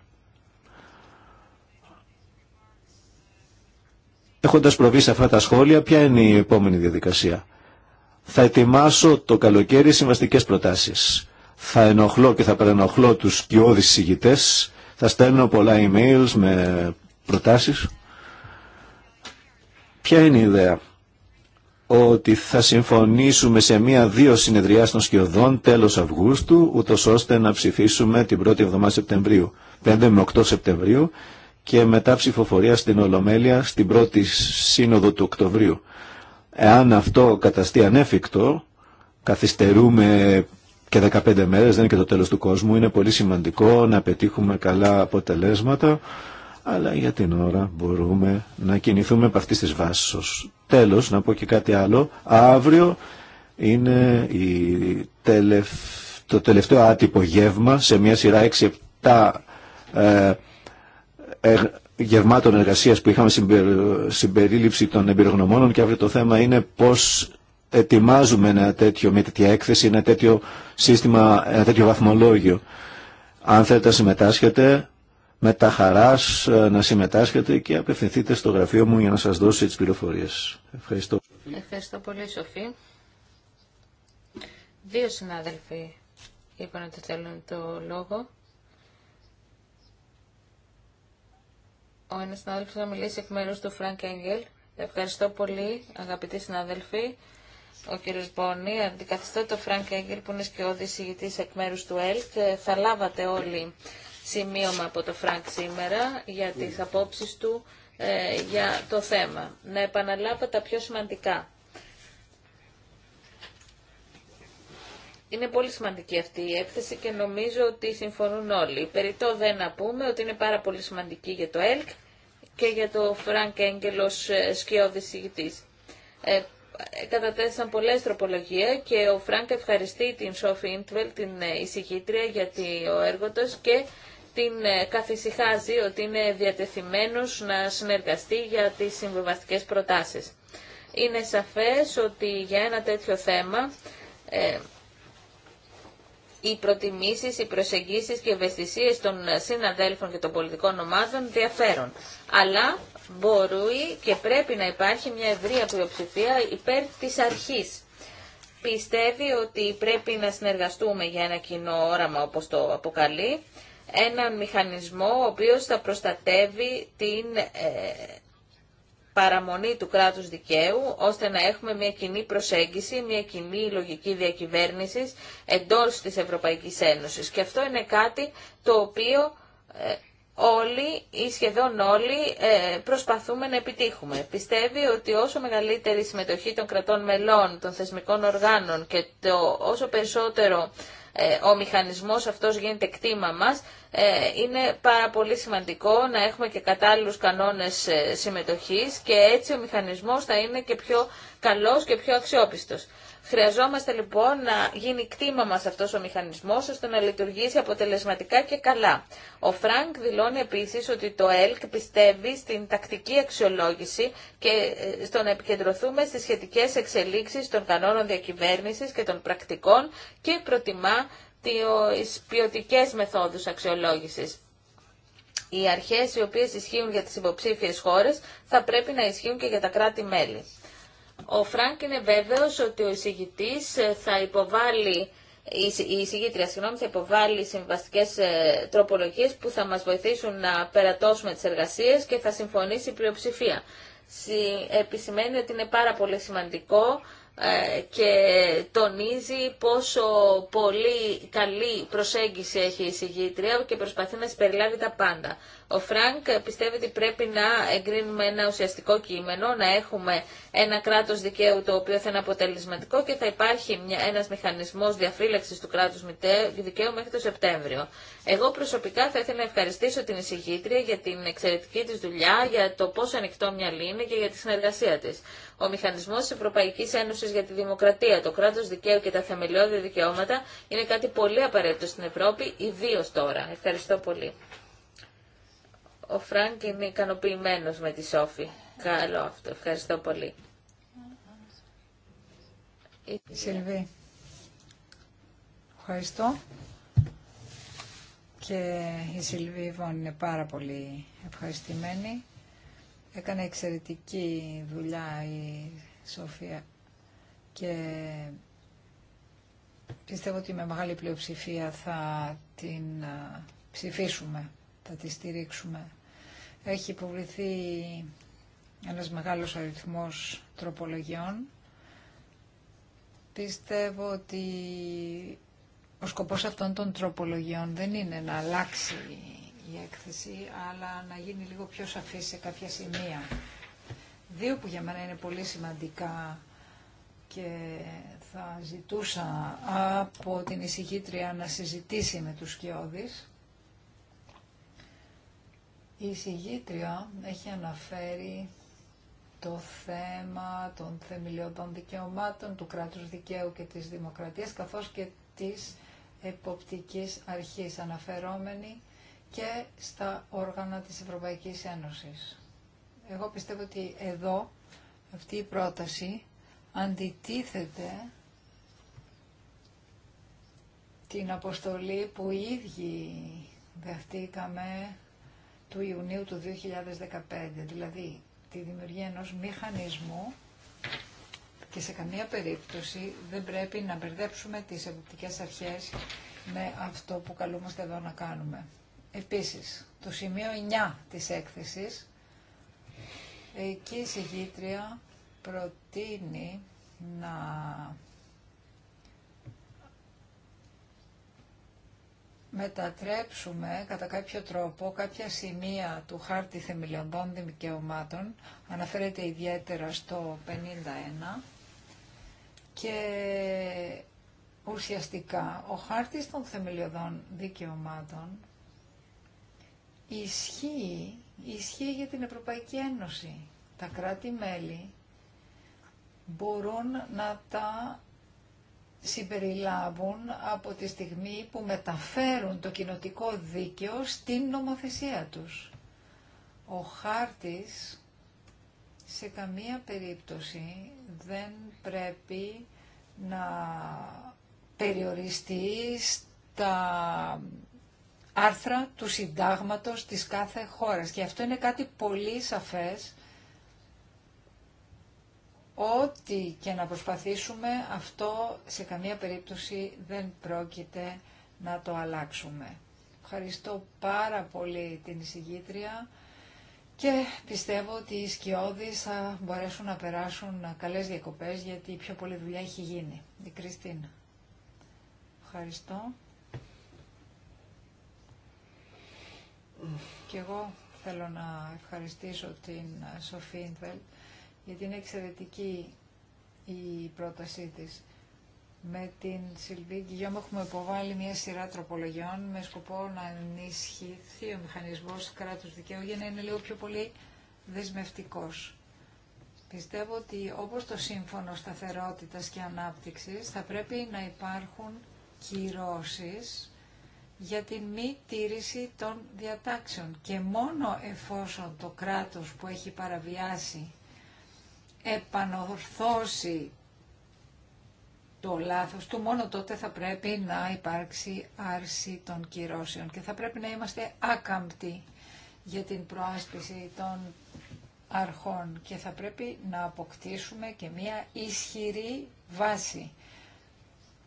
Έχοντας προβεί σε αυτά τα σχόλια, ποια είναι η επόμενη διαδικασία. Θα ετοιμάσω το καλοκαίρι συμβαστικές προτάσεις. Θα ενοχλώ και θα παρενοχλώ τους σκιώδεις συγητές. Θα στέλνω πολλά emails με προτάσεις. Ποια είναι η ιδέα. Ότι θα συμφωνήσουμε σε μία-δύο συνεδριά των σκιωδών τέλος Αυγούστου, ούτως ώστε να ψηφίσουμε την πρώτη εβδομάδα Σεπτεμβρίου. 5 με 8 Σεπτεμβρίου και μετά ψηφοφορία στην Ολομέλεια στην πρώτη σύνοδο του Οκτωβρίου. Εάν αυτό καταστεί ανέφικτο, καθυστερούμε και 15 μέρες, δεν είναι και το τέλος του κόσμου, είναι πολύ σημαντικό να πετύχουμε καλά αποτελέσματα, αλλά για την ώρα μπορούμε να κινηθούμε από αυτής της βάσης. Τέλος, να πω και κάτι άλλο, αύριο είναι η το τελευταίο άτυπο γεύμα σε μια σειρά 6-7 ε, ε, γευμάτων εργασίας που είχαμε συμπερίληψη των εμπειρογνωμόνων και αύριο το θέμα είναι πώς ετοιμάζουμε ένα τέτοιο, μια τέτοια έκθεση, ένα τέτοιο σύστημα, ένα τέτοιο βαθμολόγιο. Αν θέλετε να συμμετάσχετε, με τα χαράς ε, να συμμετάσχετε και απευθυνθείτε στο γραφείο μου για να σας δώσω τις πληροφορίες. Ευχαριστώ. Ευχαριστώ πολύ Σοφή. Δύο συνάδελφοι είπαν ότι θέλουν το λόγο. ο ένας συνάδελφος να μιλήσει εκ μέρους του Φρανκ Έγγελ. Ευχαριστώ πολύ, αγαπητοί συνάδελφοι. Ο κύριος Μπόνη, αντικαθιστώ το Φρανκ Έγγελ που είναι σκιώδη ηγητή εκ μέρους του ΕΛΚ. Θα λάβατε όλοι σημείωμα από το Φρανκ σήμερα για τις απόψεις του ε, για το θέμα. Να επαναλάβω τα πιο σημαντικά. Είναι πολύ σημαντική αυτή η έκθεση και νομίζω ότι συμφωνούν όλοι. Περιτώ δεν να πούμε ότι είναι πάρα πολύ σημαντική για το ΕΛΚ και για το Φρανκ Έγκελος ε, σκιώδης ηγητής. Ε, ε κατατέθησαν πολλές τροπολογίες και ο Φρανκ ευχαριστεί την Σόφι Ιντβελ, την ε, εισηγήτρια, για το έργο και την καθησυχάζει ότι είναι διατεθειμένος να συνεργαστεί για τις συμβιβαστικές προτάσεις. Είναι σαφές ότι για ένα τέτοιο θέμα οι προτιμήσεις, οι προσεγγίσεις και οι των συναδέλφων και των πολιτικών ομάδων διαφέρουν. Αλλά μπορεί και πρέπει να υπάρχει μια ευρεία πλειοψηφία υπέρ της αρχής. Πιστεύει ότι πρέπει να συνεργαστούμε για ένα κοινό όραμα όπως το αποκαλεί, έναν μηχανισμό ο οποίος θα προστατεύει την ε, παραμονή του κράτους δικαίου, ώστε να έχουμε μια κοινή προσέγγιση, μια κοινή λογική διακυβέρνηση εντός της Ευρωπαϊκής Ένωσης. Και αυτό είναι κάτι το οποίο ε, όλοι ή σχεδόν όλοι ε, προσπαθούμε να επιτύχουμε. Πιστεύει ότι όσο μεγαλύτερη συμμετοχή των κρατών μελών, των θεσμικών οργάνων και το όσο περισσότερο ε, ο μηχανισμός αυτός γίνεται κτήμα μας, ε, είναι πάρα πολύ σημαντικό να έχουμε και κατάλληλους κανόνες ε, συμμετοχής και έτσι ο μηχανισμός θα είναι και πιο καλός και πιο αξιόπιστος. Χρειαζόμαστε λοιπόν να γίνει κτήμα μας αυτός ο μηχανισμός ώστε να λειτουργήσει αποτελεσματικά και καλά. Ο Φρανκ δηλώνει επίσης ότι το ΕΛΚ πιστεύει στην τακτική αξιολόγηση και ε, στο να επικεντρωθούμε στις σχετικές εξελίξεις των κανόνων διακυβέρνησης και των πρακτικών και προτιμά τις ποιοτικέ μεθόδους αξιολόγησης. Οι αρχές οι οποίες ισχύουν για τις υποψήφιες χώρες θα πρέπει να ισχύουν και για τα κράτη-μέλη. Ο Φρανκ είναι βέβαιος ότι ο εισηγητής θα υποβάλει η εισηγήτρια συγγνώμη, θα υποβάλει συμβαστικέ ε, τροπολογίε που θα μα βοηθήσουν να περατώσουμε τι εργασίε και θα συμφωνήσει η πλειοψηφία. επισημαίνει ότι είναι πάρα πολύ σημαντικό ε, και τονίζει πόσο πολύ καλή προσέγγιση έχει η συγγήτρια και προσπαθεί να συμπεριλάβει τα πάντα. Ο Φρανκ πιστεύει ότι πρέπει να εγκρίνουμε ένα ουσιαστικό κείμενο, να έχουμε ένα κράτος δικαίου το οποίο θα είναι αποτελεσματικό και θα υπάρχει μια, ένας μηχανισμός διαφύλαξης του κράτους δικαίου μέχρι το Σεπτέμβριο. Εγώ προσωπικά θα ήθελα να ευχαριστήσω την εισηγήτρια για την εξαιρετική της δουλειά, για το πόσο ανοιχτό μυαλί είναι και για τη συνεργασία της. Ο μηχανισμό τη Ευρωπαϊκή Ένωση για τη Δημοκρατία, το κράτο δικαίου και τα θεμελιώδη δικαιώματα είναι κάτι πολύ απαραίτητο στην Ευρώπη, ιδίω τώρα. Ευχαριστώ πολύ. Ο Φρανκ είναι ικανοποιημένο με τη Σόφη. Καλό αυτό. Ευχαριστώ πολύ. Σιλβί, ευχαριστώ. Και η Σιλβί Βον είναι πάρα πολύ ευχαριστημένη. Έκανε εξαιρετική δουλειά η Σοφία και πιστεύω ότι με μεγάλη πλειοψηφία θα την ψηφίσουμε θα τη στηρίξουμε. Έχει υποβληθεί ένας μεγάλος αριθμός τροπολογιών. Πιστεύω ότι ο σκοπός αυτών των τροπολογιών δεν είναι να αλλάξει η έκθεση, αλλά να γίνει λίγο πιο σαφή σε κάποια σημεία. Δύο που για μένα είναι πολύ σημαντικά και θα ζητούσα από την εισηγήτρια να συζητήσει με τους σκιώδεις η συγγήτρια έχει αναφέρει το θέμα των θεμελιωδών δικαιωμάτων, του κράτους δικαίου και της δημοκρατίας, καθώς και της εποπτικής αρχής, αναφερόμενη και στα όργανα της Ευρωπαϊκής Ένωσης. Εγώ πιστεύω ότι εδώ αυτή η πρόταση αντιτίθεται την αποστολή που οι ίδιοι δεχτήκαμε του Ιουνίου του 2015, δηλαδή τη δημιουργία ενός μηχανισμού και σε καμία περίπτωση δεν πρέπει να μπερδέψουμε τις εποπτικές αρχές με αυτό που καλούμαστε εδώ να κάνουμε. Επίσης, το σημείο 9 της έκθεσης, εκεί η συγγήτρια προτείνει να μετατρέψουμε κατά κάποιο τρόπο κάποια σημεία του χάρτη θεμελιωδών δικαιωμάτων, αναφέρεται ιδιαίτερα στο 51, και ουσιαστικά ο χάρτης των θεμελιωδών δικαιωμάτων ισχύει, ισχύει για την Ευρωπαϊκή Ένωση. Τα κράτη-μέλη μπορούν να τα συμπεριλάβουν από τη στιγμή που μεταφέρουν το κοινοτικό δίκαιο στην νομοθεσία τους. Ο χάρτης σε καμία περίπτωση δεν πρέπει να περιοριστεί στα άρθρα του συντάγματος της κάθε χώρας. Και αυτό είναι κάτι πολύ σαφές Ό,τι και να προσπαθήσουμε, αυτό σε καμία περίπτωση δεν πρόκειται να το αλλάξουμε. Ευχαριστώ πάρα πολύ την εισηγήτρια και πιστεύω ότι οι σκιώδεις θα μπορέσουν να περάσουν καλές διακοπές γιατί η πιο πολλή δουλειά έχει γίνει. Η Κριστίνα. Ευχαριστώ. Και εγώ θέλω να ευχαριστήσω την Σοφή γιατί είναι εξαιρετική η πρότασή της. Με την Σιλβί Γκυγιόμ έχουμε υποβάλει μια σειρά τροπολογιών με σκοπό να ενισχυθεί ο μηχανισμός κράτους δικαίου για να είναι λίγο πιο πολύ δεσμευτικός. Πιστεύω ότι όπως το Σύμφωνο Σταθερότητας και Ανάπτυξης θα πρέπει να υπάρχουν κυρώσεις για την μη τήρηση των διατάξεων και μόνο εφόσον το κράτος που έχει παραβιάσει επανορθώσει το λάθος του, μόνο τότε θα πρέπει να υπάρξει άρση των κυρώσεων και θα πρέπει να είμαστε άκαμπτοι για την προάσπιση των αρχών και θα πρέπει να αποκτήσουμε και μία ισχυρή βάση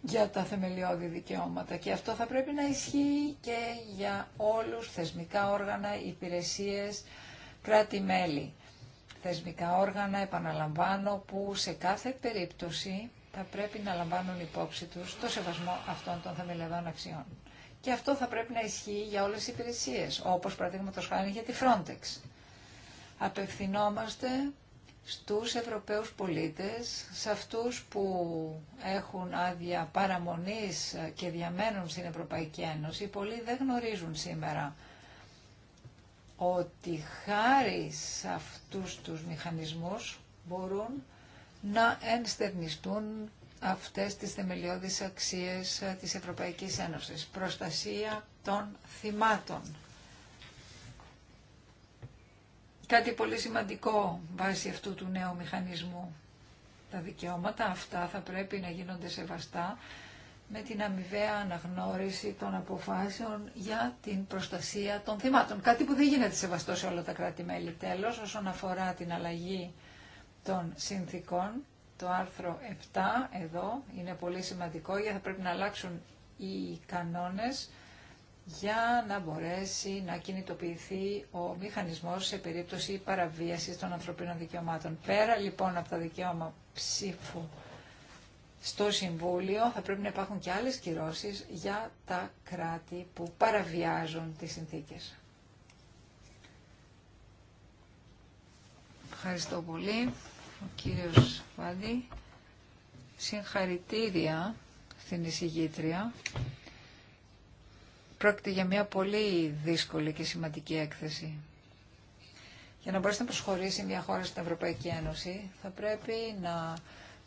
για τα θεμελιώδη δικαιώματα και αυτό θα πρέπει να ισχύει και για όλους θεσμικά όργανα, υπηρεσίες, κράτη-μέλη θεσμικά όργανα, επαναλαμβάνω, που σε κάθε περίπτωση θα πρέπει να λαμβάνουν υπόψη τους το σεβασμό αυτών των θεμελιωδών αξιών. Και αυτό θα πρέπει να ισχύει για όλες τις υπηρεσίες, όπως παραδείγματο χάρη για τη Frontex. Απευθυνόμαστε στους Ευρωπαίους πολίτες, σε αυτούς που έχουν άδεια παραμονής και διαμένουν στην Ευρωπαϊκή Ένωση, πολλοί δεν γνωρίζουν σήμερα ότι χάρη σε αυτούς τους μηχανισμούς μπορούν να ενστερνιστούν αυτές τις θεμελιώδεις αξίες ε, της Ευρωπαϊκής Ένωσης. Προστασία των θυμάτων. Κάτι πολύ σημαντικό βάσει αυτού του νέου μηχανισμού. Τα δικαιώματα αυτά θα πρέπει να γίνονται σεβαστά με την αμοιβαία αναγνώριση των αποφάσεων για την προστασία των θυμάτων. Κάτι που δεν γίνεται σεβαστό σε όλα τα κράτη-μέλη. Τέλος, όσον αφορά την αλλαγή των συνθήκων, το άρθρο 7 εδώ είναι πολύ σημαντικό γιατί θα πρέπει να αλλάξουν οι κανόνες για να μπορέσει να κινητοποιηθεί ο μηχανισμός σε περίπτωση παραβίασης των ανθρωπίνων δικαιωμάτων. Πέρα λοιπόν από τα δικαιώματα ψήφου στο Συμβούλιο θα πρέπει να υπάρχουν και άλλες κυρώσεις για τα κράτη που παραβιάζουν τις συνθήκες. Ευχαριστώ πολύ. Ο κύριος Βάντη. Συγχαρητήρια στην εισηγήτρια. Πρόκειται για μια πολύ δύσκολη και σημαντική έκθεση. Για να μπορέσει να προσχωρήσει μια χώρα στην Ευρωπαϊκή Ένωση θα πρέπει να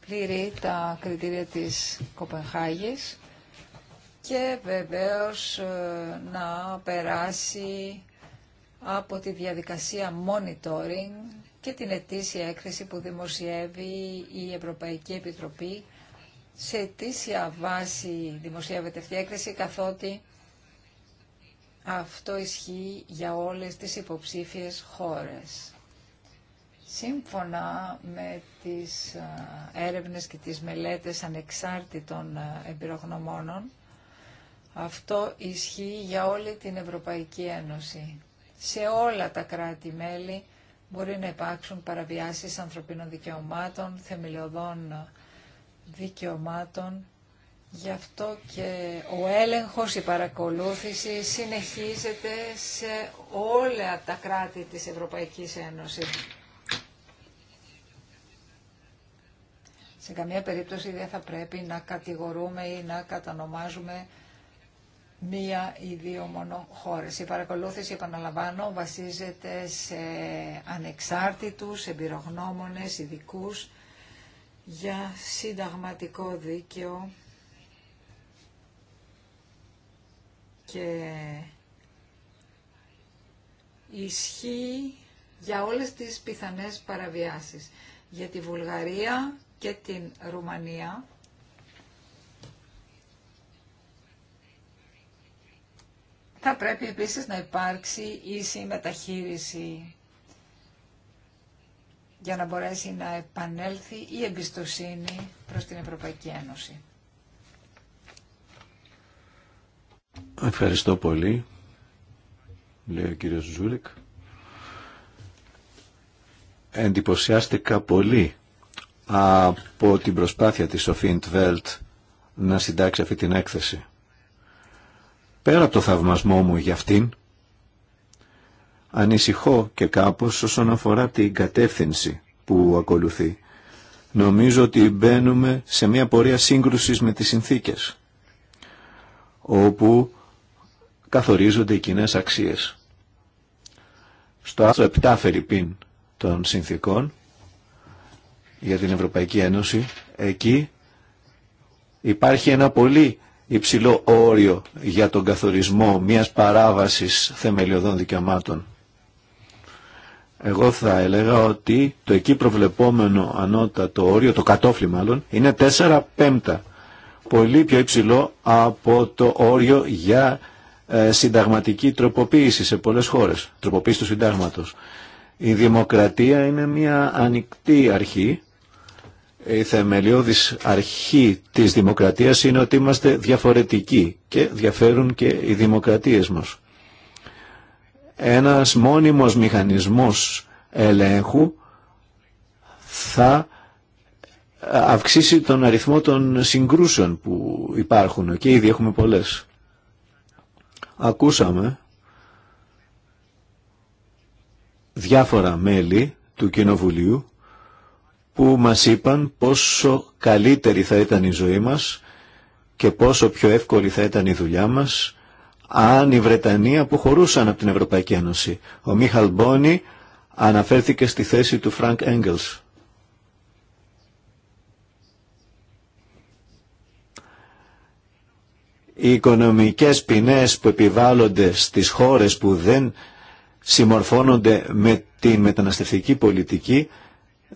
πληρεί τα κριτήρια της Κοπενχάγης και βεβαίως ε, να περάσει από τη διαδικασία monitoring και την ετήσια έκθεση που δημοσιεύει η Ευρωπαϊκή Επιτροπή. Σε ετήσια βάση δημοσιεύεται αυτή η έκθεση καθότι αυτό ισχύει για όλες τις υποψήφιες χώρες. Σύμφωνα με τις έρευνες και τις μελέτες ανεξάρτητων εμπειρογνωμόνων, αυτό ισχύει για όλη την Ευρωπαϊκή Ένωση. Σε όλα τα κράτη-μέλη μπορεί να υπάρξουν παραβιάσεις ανθρωπίνων δικαιωμάτων, θεμελιωδών δικαιωμάτων. Γι' αυτό και ο έλεγχος, η παρακολούθηση συνεχίζεται σε όλα τα κράτη της Ευρωπαϊκής Ένωσης. Σε καμία περίπτωση δεν θα πρέπει να κατηγορούμε ή να κατανομάζουμε μία ή δύο μόνο χώρες. Η παρακολούθηση, επαναλαμβάνω, βασίζεται σε ανεξάρτητους εμπειρογνώμονες, ειδικού για συνταγματικό δίκαιο και ισχύει για όλες τις πιθανές παραβιάσεις. Για τη Βουλγαρία και την Ρουμανία. Θα πρέπει επίσης να υπάρξει ίση μεταχείριση για να μπορέσει να επανέλθει η εμπιστοσύνη προς την Ευρωπαϊκή Ένωση. Ευχαριστώ πολύ, λέει ο κύριος Ζούρικ. Εντυπωσιάστηκα πολύ από την προσπάθεια της Σοφίν Βελτ να συντάξει αυτή την έκθεση. Πέρα από το θαυμασμό μου για αυτήν, ανησυχώ και κάπως όσον αφορά την κατεύθυνση που ακολουθεί. Νομίζω ότι μπαίνουμε σε μια πορεία σύγκρουσης με τις συνθήκες, όπου καθορίζονται οι κοινές αξίες. Στο άρθρο 7 Φερρυπίν των συνθήκων για την Ευρωπαϊκή Ένωση, εκεί υπάρχει ένα πολύ υψηλό όριο για τον καθορισμό μιας παράβασης θεμελιωδών δικαιωμάτων. Εγώ θα έλεγα ότι το εκεί προβλεπόμενο ανώτατο όριο, το κατόφλι μάλλον, είναι 4 πέμπτα. Πολύ πιο υψηλό από το όριο για ε, συνταγματική τροποποίηση σε πολλές χώρες, τροποποίηση του συντάγματος. Η δημοκρατία είναι μια ανοιχτή αρχή η θεμελιώδης αρχή της δημοκρατίας είναι ότι είμαστε διαφορετικοί και διαφέρουν και οι δημοκρατίες μας. Ένας μόνιμος μηχανισμός ελέγχου θα αυξήσει τον αριθμό των συγκρούσεων που υπάρχουν και ήδη έχουμε πολλές. Ακούσαμε διάφορα μέλη του Κοινοβουλίου που μας είπαν πόσο καλύτερη θα ήταν η ζωή μας και πόσο πιο εύκολη θα ήταν η δουλειά μας αν η Βρετανία που χωρούσαν από την Ευρωπαϊκή Ένωση. Ο Μίχαλ Μπόνι αναφέρθηκε στη θέση του Φρανκ Έγγελς. Οι οικονομικές ποινές που επιβάλλονται στις χώρες που δεν συμμορφώνονται με την μεταναστευτική πολιτική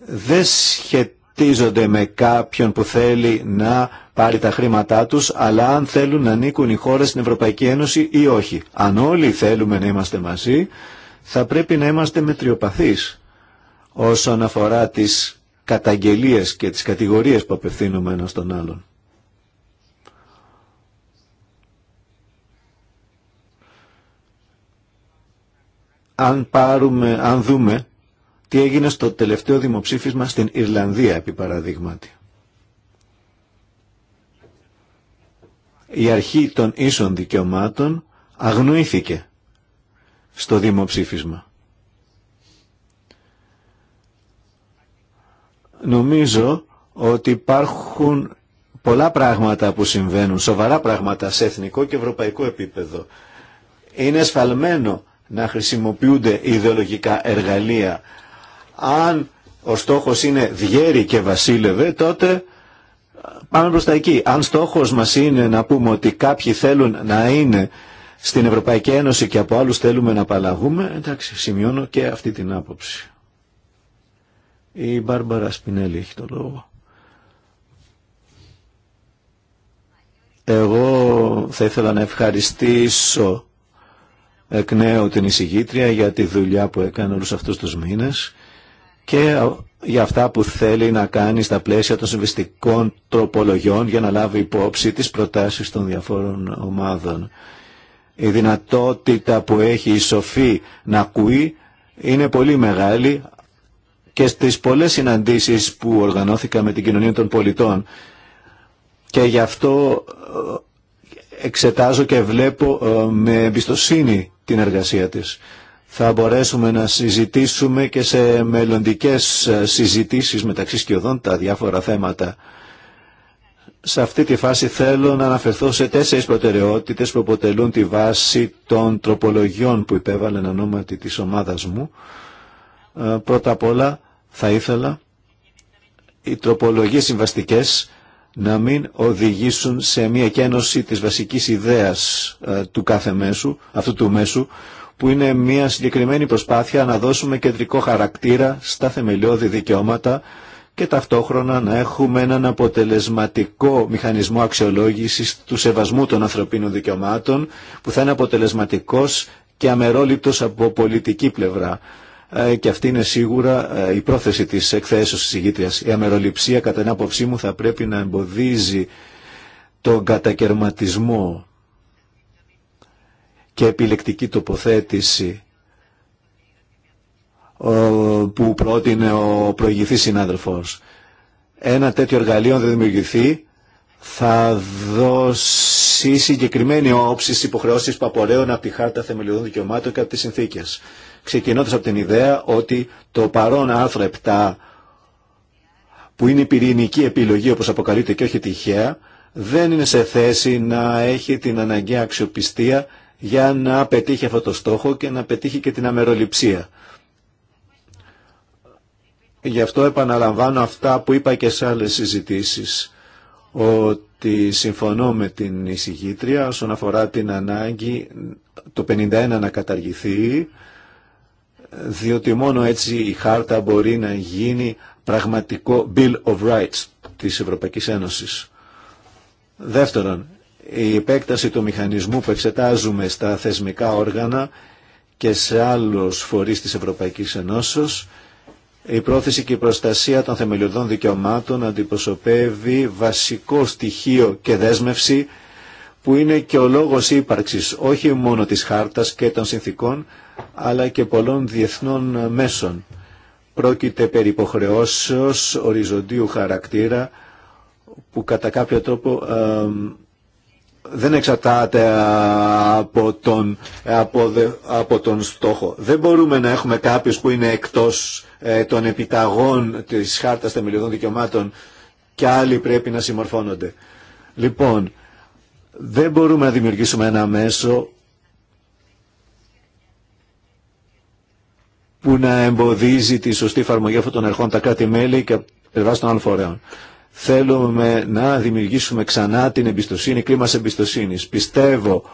δεν σχετίζονται με κάποιον που θέλει να πάρει τα χρήματά τους, αλλά αν θέλουν να ανήκουν οι χώρες στην Ευρωπαϊκή Ένωση ή όχι. Αν όλοι θέλουμε να είμαστε μαζί, θα πρέπει να είμαστε μετριοπαθείς όσον αφορά τις καταγγελίες και τις κατηγορίες που απευθύνουμε ένας τον άλλον. Αν, πάρουμε, αν δούμε τι έγινε στο τελευταίο δημοψήφισμα στην Ιρλανδία, επί παραδείγματι. Η αρχή των ίσων δικαιωμάτων αγνοήθηκε στο δημοψήφισμα. Νομίζω ότι υπάρχουν πολλά πράγματα που συμβαίνουν, σοβαρά πράγματα σε εθνικό και ευρωπαϊκό επίπεδο. Είναι σφαλμένο να χρησιμοποιούνται ιδεολογικά εργαλεία αν ο στόχος είναι διέρη και βασίλευε, τότε πάμε προς τα εκεί. Αν στόχος μας είναι να πούμε ότι κάποιοι θέλουν να είναι στην Ευρωπαϊκή Ένωση και από άλλους θέλουμε να απαλλαγούμε, εντάξει, σημειώνω και αυτή την άποψη. Η Μπάρμπαρα Σπινέλη έχει το λόγο. Εγώ θα ήθελα να ευχαριστήσω εκ νέου την εισηγήτρια για τη δουλειά που έκανε όλους αυτούς τους μήνες και για αυτά που θέλει να κάνει στα πλαίσια των συμβιστικών τροπολογιών για να λάβει υπόψη τις προτάσεις των διαφόρων ομάδων. Η δυνατότητα που έχει η Σοφή να ακούει είναι πολύ μεγάλη και στις πολλές συναντήσεις που οργανώθηκα με την κοινωνία των πολιτών και γι' αυτό ε, εξετάζω και βλέπω ε, με εμπιστοσύνη την εργασία της θα μπορέσουμε να συζητήσουμε και σε μελλοντικές ε, συζητήσεις μεταξύ σκιωδών τα διάφορα θέματα. Σε αυτή τη φάση θέλω να αναφερθώ σε τέσσερις προτεραιότητες που αποτελούν τη βάση των τροπολογιών που υπέβαλε ονόματι της ομάδας μου. Ε, πρώτα απ' όλα θα ήθελα οι τροπολογίες συμβαστικές να μην οδηγήσουν σε μια κένωση της βασικής ιδέας ε, του κάθε μέσου, αυτού του μέσου, που είναι μια συγκεκριμένη προσπάθεια να δώσουμε κεντρικό χαρακτήρα στα θεμελιώδη δικαιώματα και ταυτόχρονα να έχουμε έναν αποτελεσματικό μηχανισμό αξιολόγησης του σεβασμού των ανθρωπίνων δικαιωμάτων που θα είναι αποτελεσματικός και αμερόληπτος από πολιτική πλευρά. Ε, και αυτή είναι σίγουρα ε, η πρόθεση της εκθέσεως της ηγήτριας. Η αμεροληψία κατά την άποψή μου θα πρέπει να εμποδίζει τον κατακαιρματισμό και επιλεκτική τοποθέτηση που πρότεινε ο προηγηθής συνάδελφος. Ένα τέτοιο εργαλείο δεν δημιουργηθεί θα δώσει συγκεκριμένη όψη στις υποχρεώσεις που απορρέουν από τη Χάρτα Θεμελιωδών Δικαιωμάτων και από τις συνθήκες. Ξεκινώντας από την ιδέα ότι το παρόν άρθρο 7 που είναι η πυρηνική επιλογή όπως αποκαλείται και όχι τυχαία δεν είναι σε θέση να έχει την αναγκαία αξιοπιστία για να πετύχει αυτό το στόχο και να πετύχει και την αμεροληψία. Γι' αυτό επαναλαμβάνω αυτά που είπα και σε άλλες συζητήσεις, ότι συμφωνώ με την εισηγήτρια όσον αφορά την ανάγκη το 51 να καταργηθεί, διότι μόνο έτσι η χάρτα μπορεί να γίνει πραγματικό Bill of Rights της Ευρωπαϊκής Ένωσης. Δεύτερον, η επέκταση του μηχανισμού που εξετάζουμε στα θεσμικά όργανα και σε άλλους φορείς της Ευρωπαϊκής Ενώσεως, η πρόθεση και η προστασία των θεμελιωδών δικαιωμάτων αντιπροσωπεύει βασικό στοιχείο και δέσμευση που είναι και ο λόγος ύπαρξης όχι μόνο της χάρτας και των συνθήκων αλλά και πολλών διεθνών μέσων. Πρόκειται περί υποχρεώσεως οριζοντίου χαρακτήρα που κατά κάποιο τρόπο δεν εξαρτάται από τον, από, τον στόχο. Δεν μπορούμε να έχουμε κάποιους που είναι εκτός ε, των επιταγών της χάρτας θεμελιωδών δικαιωμάτων και άλλοι πρέπει να συμμορφώνονται. Λοιπόν, δεν μπορούμε να δημιουργήσουμε ένα μέσο που να εμποδίζει τη σωστή εφαρμογή αυτών των ερχών τα κράτη-μέλη και πλευρά των άλλων φορέων. Θέλουμε να δημιουργήσουμε ξανά την εμπιστοσύνη, κλίμα εμπιστοσύνης. Πιστεύω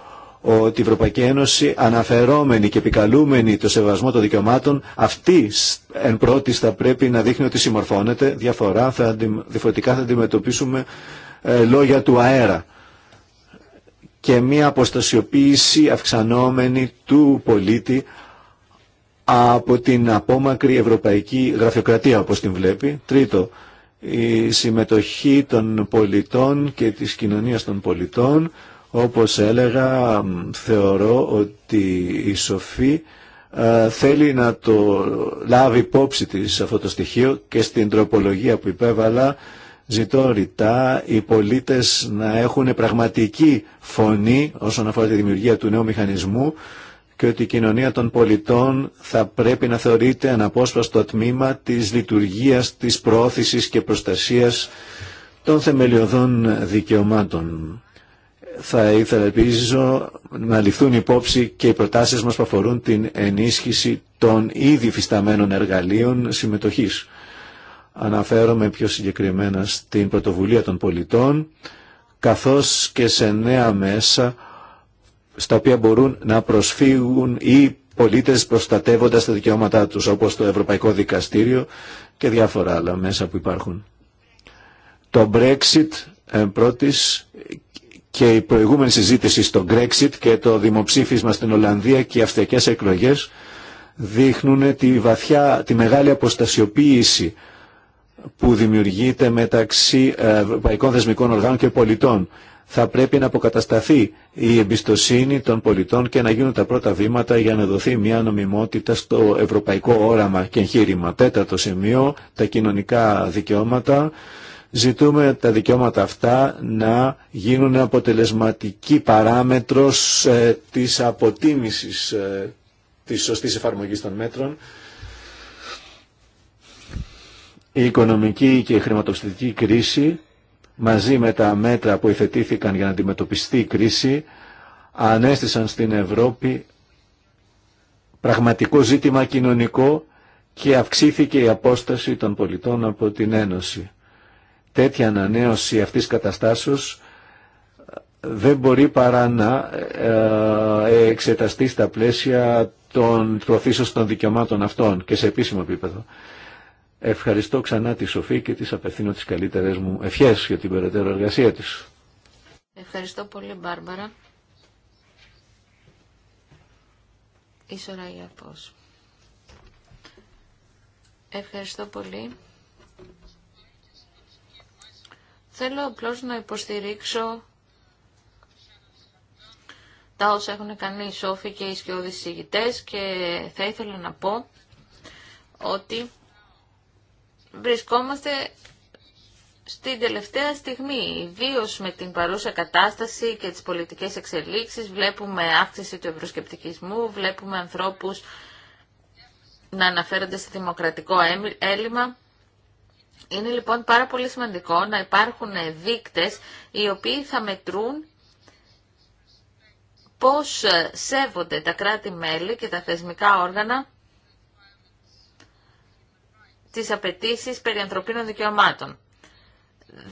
ότι η Ευρωπαϊκή Ένωση αναφερόμενη και επικαλούμενη το σεβασμό των δικαιωμάτων, αυτή εν πρώτης θα πρέπει να δείχνει ότι συμμορφώνεται, διαφορά, θα διαφορετικά θα αντιμετωπίσουμε ε, λόγια του αέρα και μια αποστασιοποίηση αυξανόμενη του πολίτη από την απόμακρη ευρωπαϊκή γραφειοκρατία όπως την βλέπει. Τρίτο, η συμμετοχή των πολιτών και της κοινωνίας των πολιτών. Όπως έλεγα, θεωρώ ότι η Σοφή θέλει να το λάβει υπόψη της αυτό το στοιχείο και στην τροπολογία που υπέβαλα ζητώ ρητά οι πολίτες να έχουν πραγματική φωνή όσον αφορά τη δημιουργία του νέου μηχανισμού και ότι η κοινωνία των πολιτών θα πρέπει να θεωρείται αναπόσπαστο τμήμα της λειτουργίας, της προώθησης και προστασίας των θεμελιωδών δικαιωμάτων. Θα ήθελα επίσης να ληφθούν υπόψη και οι προτάσεις μας που αφορούν την ενίσχυση των ήδη φυσταμένων εργαλείων συμμετοχής. Αναφέρομαι πιο συγκεκριμένα στην πρωτοβουλία των πολιτών, καθώς και σε νέα μέσα στα οποία μπορούν να προσφύγουν οι πολίτες προστατεύοντας τα δικαιώματά τους όπως το Ευρωπαϊκό Δικαστήριο και διάφορα άλλα μέσα που υπάρχουν. Το Brexit ε, πρώτης και η προηγούμενη συζήτηση στο Brexit και το δημοψήφισμα στην Ολλανδία και οι αυστιακές εκλογές δείχνουν τη βαθιά, τη μεγάλη αποστασιοποίηση που δημιουργείται μεταξύ ε, ευρωπαϊκών θεσμικών οργάνων και πολιτών θα πρέπει να αποκατασταθεί η εμπιστοσύνη των πολιτών και να γίνουν τα πρώτα βήματα για να δοθεί μια νομιμότητα στο ευρωπαϊκό όραμα και εγχείρημα. Τέταρτο σημείο, τα κοινωνικά δικαιώματα. Ζητούμε τα δικαιώματα αυτά να γίνουν αποτελεσματική παράμετρος ε, της αποτίμησης ε, της σωστής εφαρμογής των μέτρων. Η οικονομική και η κρίση μαζί με τα μέτρα που υφετήθηκαν για να αντιμετωπιστεί η κρίση ανέστησαν στην Ευρώπη πραγματικό ζήτημα κοινωνικό και αυξήθηκε η απόσταση των πολιτών από την Ένωση. Τέτοια ανανέωση αυτής καταστάσεως ε, δεν μπορεί παρά να ε, εξεταστεί στα πλαίσια των προθήσεων των δικαιωμάτων αυτών και σε επίσημο επίπεδο. Ευχαριστώ ξανά τη Σοφή και της απευθύνω τις καλύτερες μου ευχές για την περαιτέρω εργασία της. Ευχαριστώ πολύ Μπάρμπαρα. Η Ευχαριστώ πολύ. Θέλω απλώς να υποστηρίξω τα όσα έχουν κάνει οι Σόφοι και οι σκιώδεις και θα ήθελα να πω ότι βρισκόμαστε στην τελευταία στιγμή, ιδίω με την παρούσα κατάσταση και τις πολιτικές εξελίξεις, βλέπουμε αύξηση του ευρωσκεπτικισμού, βλέπουμε ανθρώπους να αναφέρονται σε δημοκρατικό έλλειμμα. Είναι λοιπόν πάρα πολύ σημαντικό να υπάρχουν δείκτες οι οποίοι θα μετρούν πώς σέβονται τα κράτη-μέλη και τα θεσμικά όργανα τις απαιτήσεις περί ανθρωπίνων δικαιωμάτων.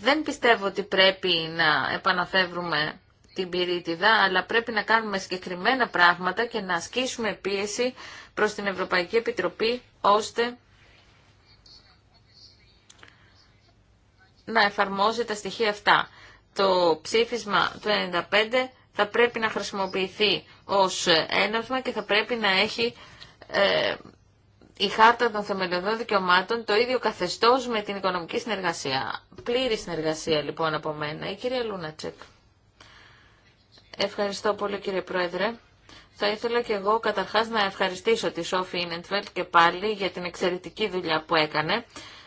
Δεν πιστεύω ότι πρέπει να επαναφεύρουμε την πυρίτιδα, αλλά πρέπει να κάνουμε συγκεκριμένα πράγματα και να ασκήσουμε πίεση προς την Ευρωπαϊκή Επιτροπή, ώστε να εφαρμόζει τα στοιχεία αυτά. Το ψήφισμα του 95 θα πρέπει να χρησιμοποιηθεί ως έναυσμα και θα πρέπει να έχει ε, η Χάρτα των Θεμελιωδών Δικαιωμάτων το ίδιο καθεστώς με την οικονομική συνεργασία. Πλήρη συνεργασία λοιπόν από μένα. Η κυρία Λούνατσεκ. Ευχαριστώ πολύ κύριε Πρόεδρε. Θα ήθελα και εγώ καταρχάς να ευχαριστήσω τη Σόφη Ινεντβέλτ και πάλι για την εξαιρετική δουλειά που έκανε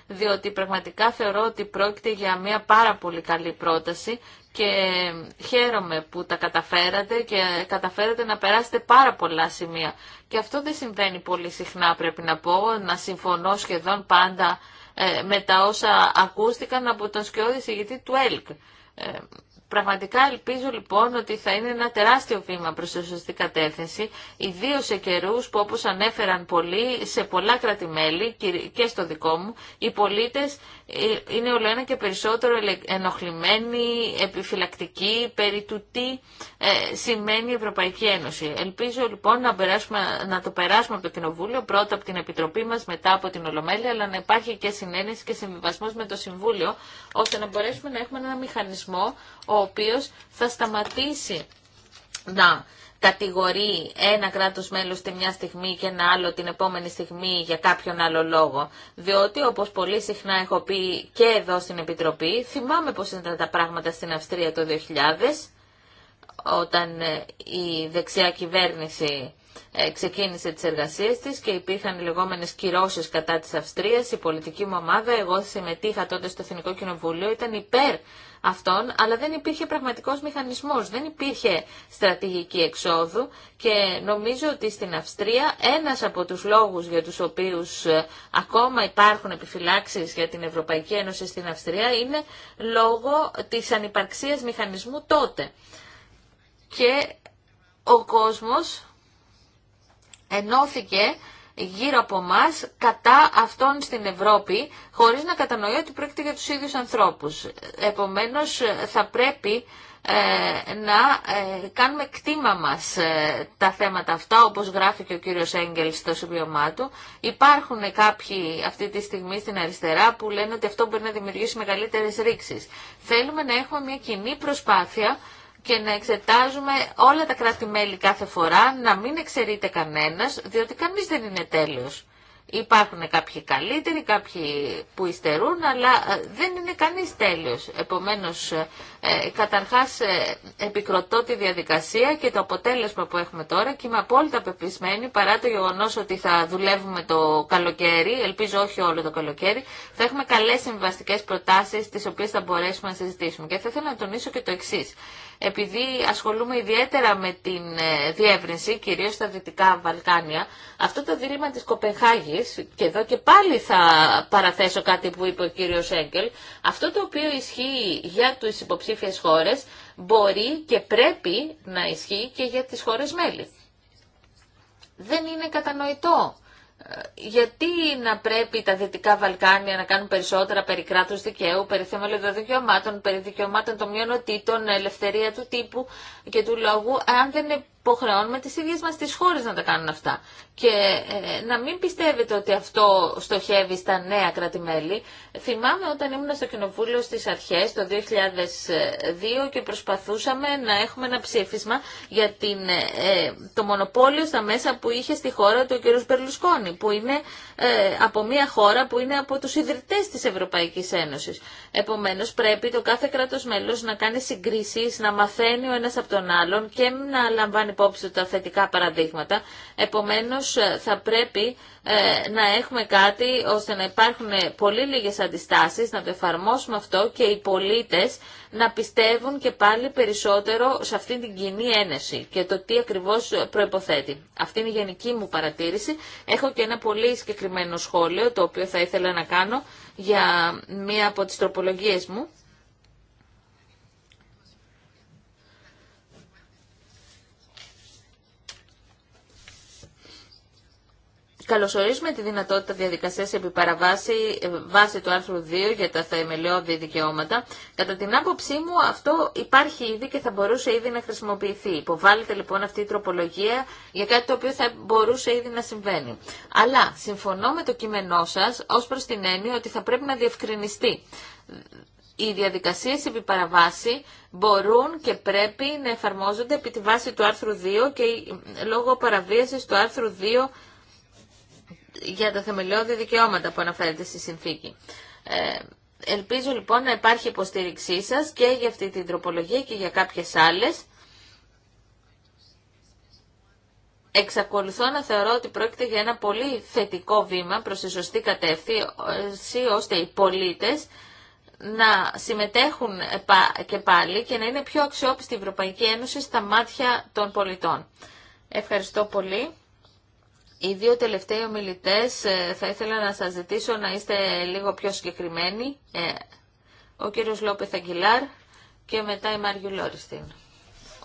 διότι πραγματικά θεωρώ ότι πρόκειται για μια πάρα πολύ καλή πρόταση και χαίρομαι που τα καταφέρατε και καταφέρατε να περάσετε πάρα πολλά σημεία. Και αυτό δεν συμβαίνει πολύ συχνά πρέπει να πω, να συμφωνώ σχεδόν πάντα ε, με τα όσα ακούστηκαν από τον σκιώδη συγητή του ΕΛΚ. Ε, Πραγματικά ελπίζω λοιπόν ότι θα είναι ένα τεράστιο βήμα προς τη σωστή κατεύθυνση, ιδίω σε καιρού που όπως ανέφεραν πολλοί, σε πολλά κρατημέλη και στο δικό μου, οι πολίτες ε, είναι όλο ένα και περισσότερο ενοχλημένοι, επιφυλακτικοί περί του τι ε, σημαίνει η Ευρωπαϊκή Ένωση. Ελπίζω λοιπόν να, περάσουμε, να το περάσουμε από το Κοινοβούλιο, πρώτα από την Επιτροπή μας, μετά από την Ολομέλεια, αλλά να υπάρχει και συνένεση και συμβιβασμός με το Συμβούλιο, ώστε να μπορέσουμε να έχουμε ένα μηχανισμό οποίος θα σταματήσει να κατηγορεί ένα κράτος μέλος τη μια στιγμή και ένα άλλο την επόμενη στιγμή για κάποιον άλλο λόγο. Διότι, όπως πολύ συχνά έχω πει και εδώ στην Επιτροπή, θυμάμαι πώς ήταν τα πράγματα στην Αυστρία το 2000, όταν ε, η δεξιά κυβέρνηση ε, ξεκίνησε τις εργασίες της και υπήρχαν οι λεγόμενες κυρώσεις κατά της Αυστρίας. Η πολιτική μου ομάδα, εγώ συμμετείχα τότε στο Εθνικό Κοινοβουλίο, ήταν υπέρ αυτών, αλλά δεν υπήρχε πραγματικός μηχανισμός, δεν υπήρχε στρατηγική εξόδου και νομίζω ότι στην Αυστρία ένας από τους λόγους για τους οποίους ε, ακόμα υπάρχουν επιφυλάξεις για την Ευρωπαϊκή Ένωση στην Αυστρία είναι λόγω της ανυπαρξίας μηχανισμού τότε. Και ο κόσμος ενώθηκε γύρω από εμά κατά αυτών στην Ευρώπη, χωρί να κατανοεί ότι πρόκειται για του ίδιου ανθρώπου. Επομένω, θα πρέπει ε, να ε, κάνουμε κτήμα μας ε, τα θέματα αυτά, όπως γράφει και ο κύριος Έγγελ στο σημείωμά του. Υπάρχουν κάποιοι αυτή τη στιγμή στην αριστερά που λένε ότι αυτό μπορεί να δημιουργήσει μεγαλύτερε ρήξει. Θέλουμε να έχουμε μια κοινή προσπάθεια και να εξετάζουμε όλα τα κράτη-μέλη κάθε φορά, να μην εξαιρείται κανένας, διότι κανείς δεν είναι τέλειος. Υπάρχουν κάποιοι καλύτεροι, κάποιοι που υστερούν, αλλά ε, δεν είναι κανείς τέλειος. Επομένως, ε, ε καταρχάς ε, επικροτώ τη διαδικασία και το αποτέλεσμα που έχουμε τώρα και είμαι απόλυτα πεπισμένη, παρά το γεγονός ότι θα δουλεύουμε το καλοκαίρι, ελπίζω όχι όλο το καλοκαίρι, θα έχουμε καλές συμβαστικές προτάσεις τις οποίες θα μπορέσουμε να συζητήσουμε. Και θα ήθελα να τονίσω και το εξή επειδή ασχολούμαι ιδιαίτερα με την ε, διεύρυνση, κυρίως στα Δυτικά Βαλκάνια, αυτό το δίλημα της Κοπενχάγης, και εδώ και πάλι θα παραθέσω κάτι που είπε ο κύριος Έγκελ, αυτό το οποίο ισχύει για τις υποψήφιες χώρες μπορεί και πρέπει να ισχύει και για τις χώρες μέλη. Δεν είναι κατανοητό γιατί να πρέπει τα Δυτικά Βαλκάνια να κάνουν περισσότερα περί κράτους δικαίου, περί θεμελιωδών δικαιωμάτων, περί δικαιωμάτων των μειονοτήτων, ελευθερία του τύπου και του λόγου, αν δεν υποχρεώνουμε τις ίδιες μας τις χώρες να τα κάνουν αυτά. Και ε, να μην πιστεύετε ότι αυτό στοχεύει στα νέα κράτη-μέλη. Θυμάμαι όταν ήμουν στο Κοινοβούλιο στις αρχές το 2002 και προσπαθούσαμε να έχουμε ένα ψήφισμα για την, ε, ε, το μονοπόλιο στα μέσα που είχε στη χώρα του ο κ. Μπερλουσκόνη, που είναι από μια χώρα που είναι από τους ιδρυτές της Ευρωπαϊκής Ένωσης. Επομένως πρέπει το κάθε κράτος μέλος να κάνει συγκρίσεις, να μαθαίνει ο ένας από τον άλλον και να λαμβάνει υπόψη τα θετικά παραδείγματα. Επομένως, ε, θα πρέπει ε, να έχουμε κάτι ώστε να υπάρχουν πολύ λίγες αντιστάσεις, να το εφαρμόσουμε αυτό και οι πολίτες να πιστεύουν και πάλι περισσότερο σε αυτή την κοινή ένεση και το τι ακριβώς προϋποθέτει. Αυτή είναι η γενική μου παρατήρηση. Έχω και ένα πολύ συγκεκριμένο σχόλιο, το οποίο θα ήθελα να κάνω για μία από τις τροπολογίες μου. Καλωσορίζουμε τη δυνατότητα διαδικασία επί παραβάση ε, βάσει του άρθρου 2 για τα θεμελιώδη δικαιώματα. Κατά την άποψή μου αυτό υπάρχει ήδη και θα μπορούσε ήδη να χρησιμοποιηθεί. Υποβάλλεται λοιπόν αυτή η τροπολογία για κάτι το οποίο θα μπορούσε ήδη να συμβαίνει. Αλλά συμφωνώ με το κείμενό σα ω προ την έννοια ότι θα πρέπει να διευκρινιστεί. Οι διαδικασίε επί παραβάση μπορούν και πρέπει να εφαρμόζονται επί τη βάση του άρθρου 2 και ε, λόγω παραβίαση του άρθρου 2 για τα θεμελιώδη δικαιώματα που αναφέρεται στη συνθήκη. Ε, ελπίζω λοιπόν να υπάρχει υποστήριξή σας και για αυτή την τροπολογία και για κάποιες άλλες. Εξακολουθώ να θεωρώ ότι πρόκειται για ένα πολύ θετικό βήμα προς τη σωστή κατεύθυνση ώστε οι πολίτες να συμμετέχουν και πάλι και να είναι πιο αξιόπιστη η Ευρωπαϊκή Ένωση στα μάτια των πολιτών. Ευχαριστώ πολύ. Οι δύο τελευταίοι ομιλητές ε, θα ήθελα να σας ζητήσω να είστε λίγο πιο συγκεκριμένοι. Ε, ο κύριος Λόπεθ Αγγιλάρ και μετά η Μάριου Λόριστην.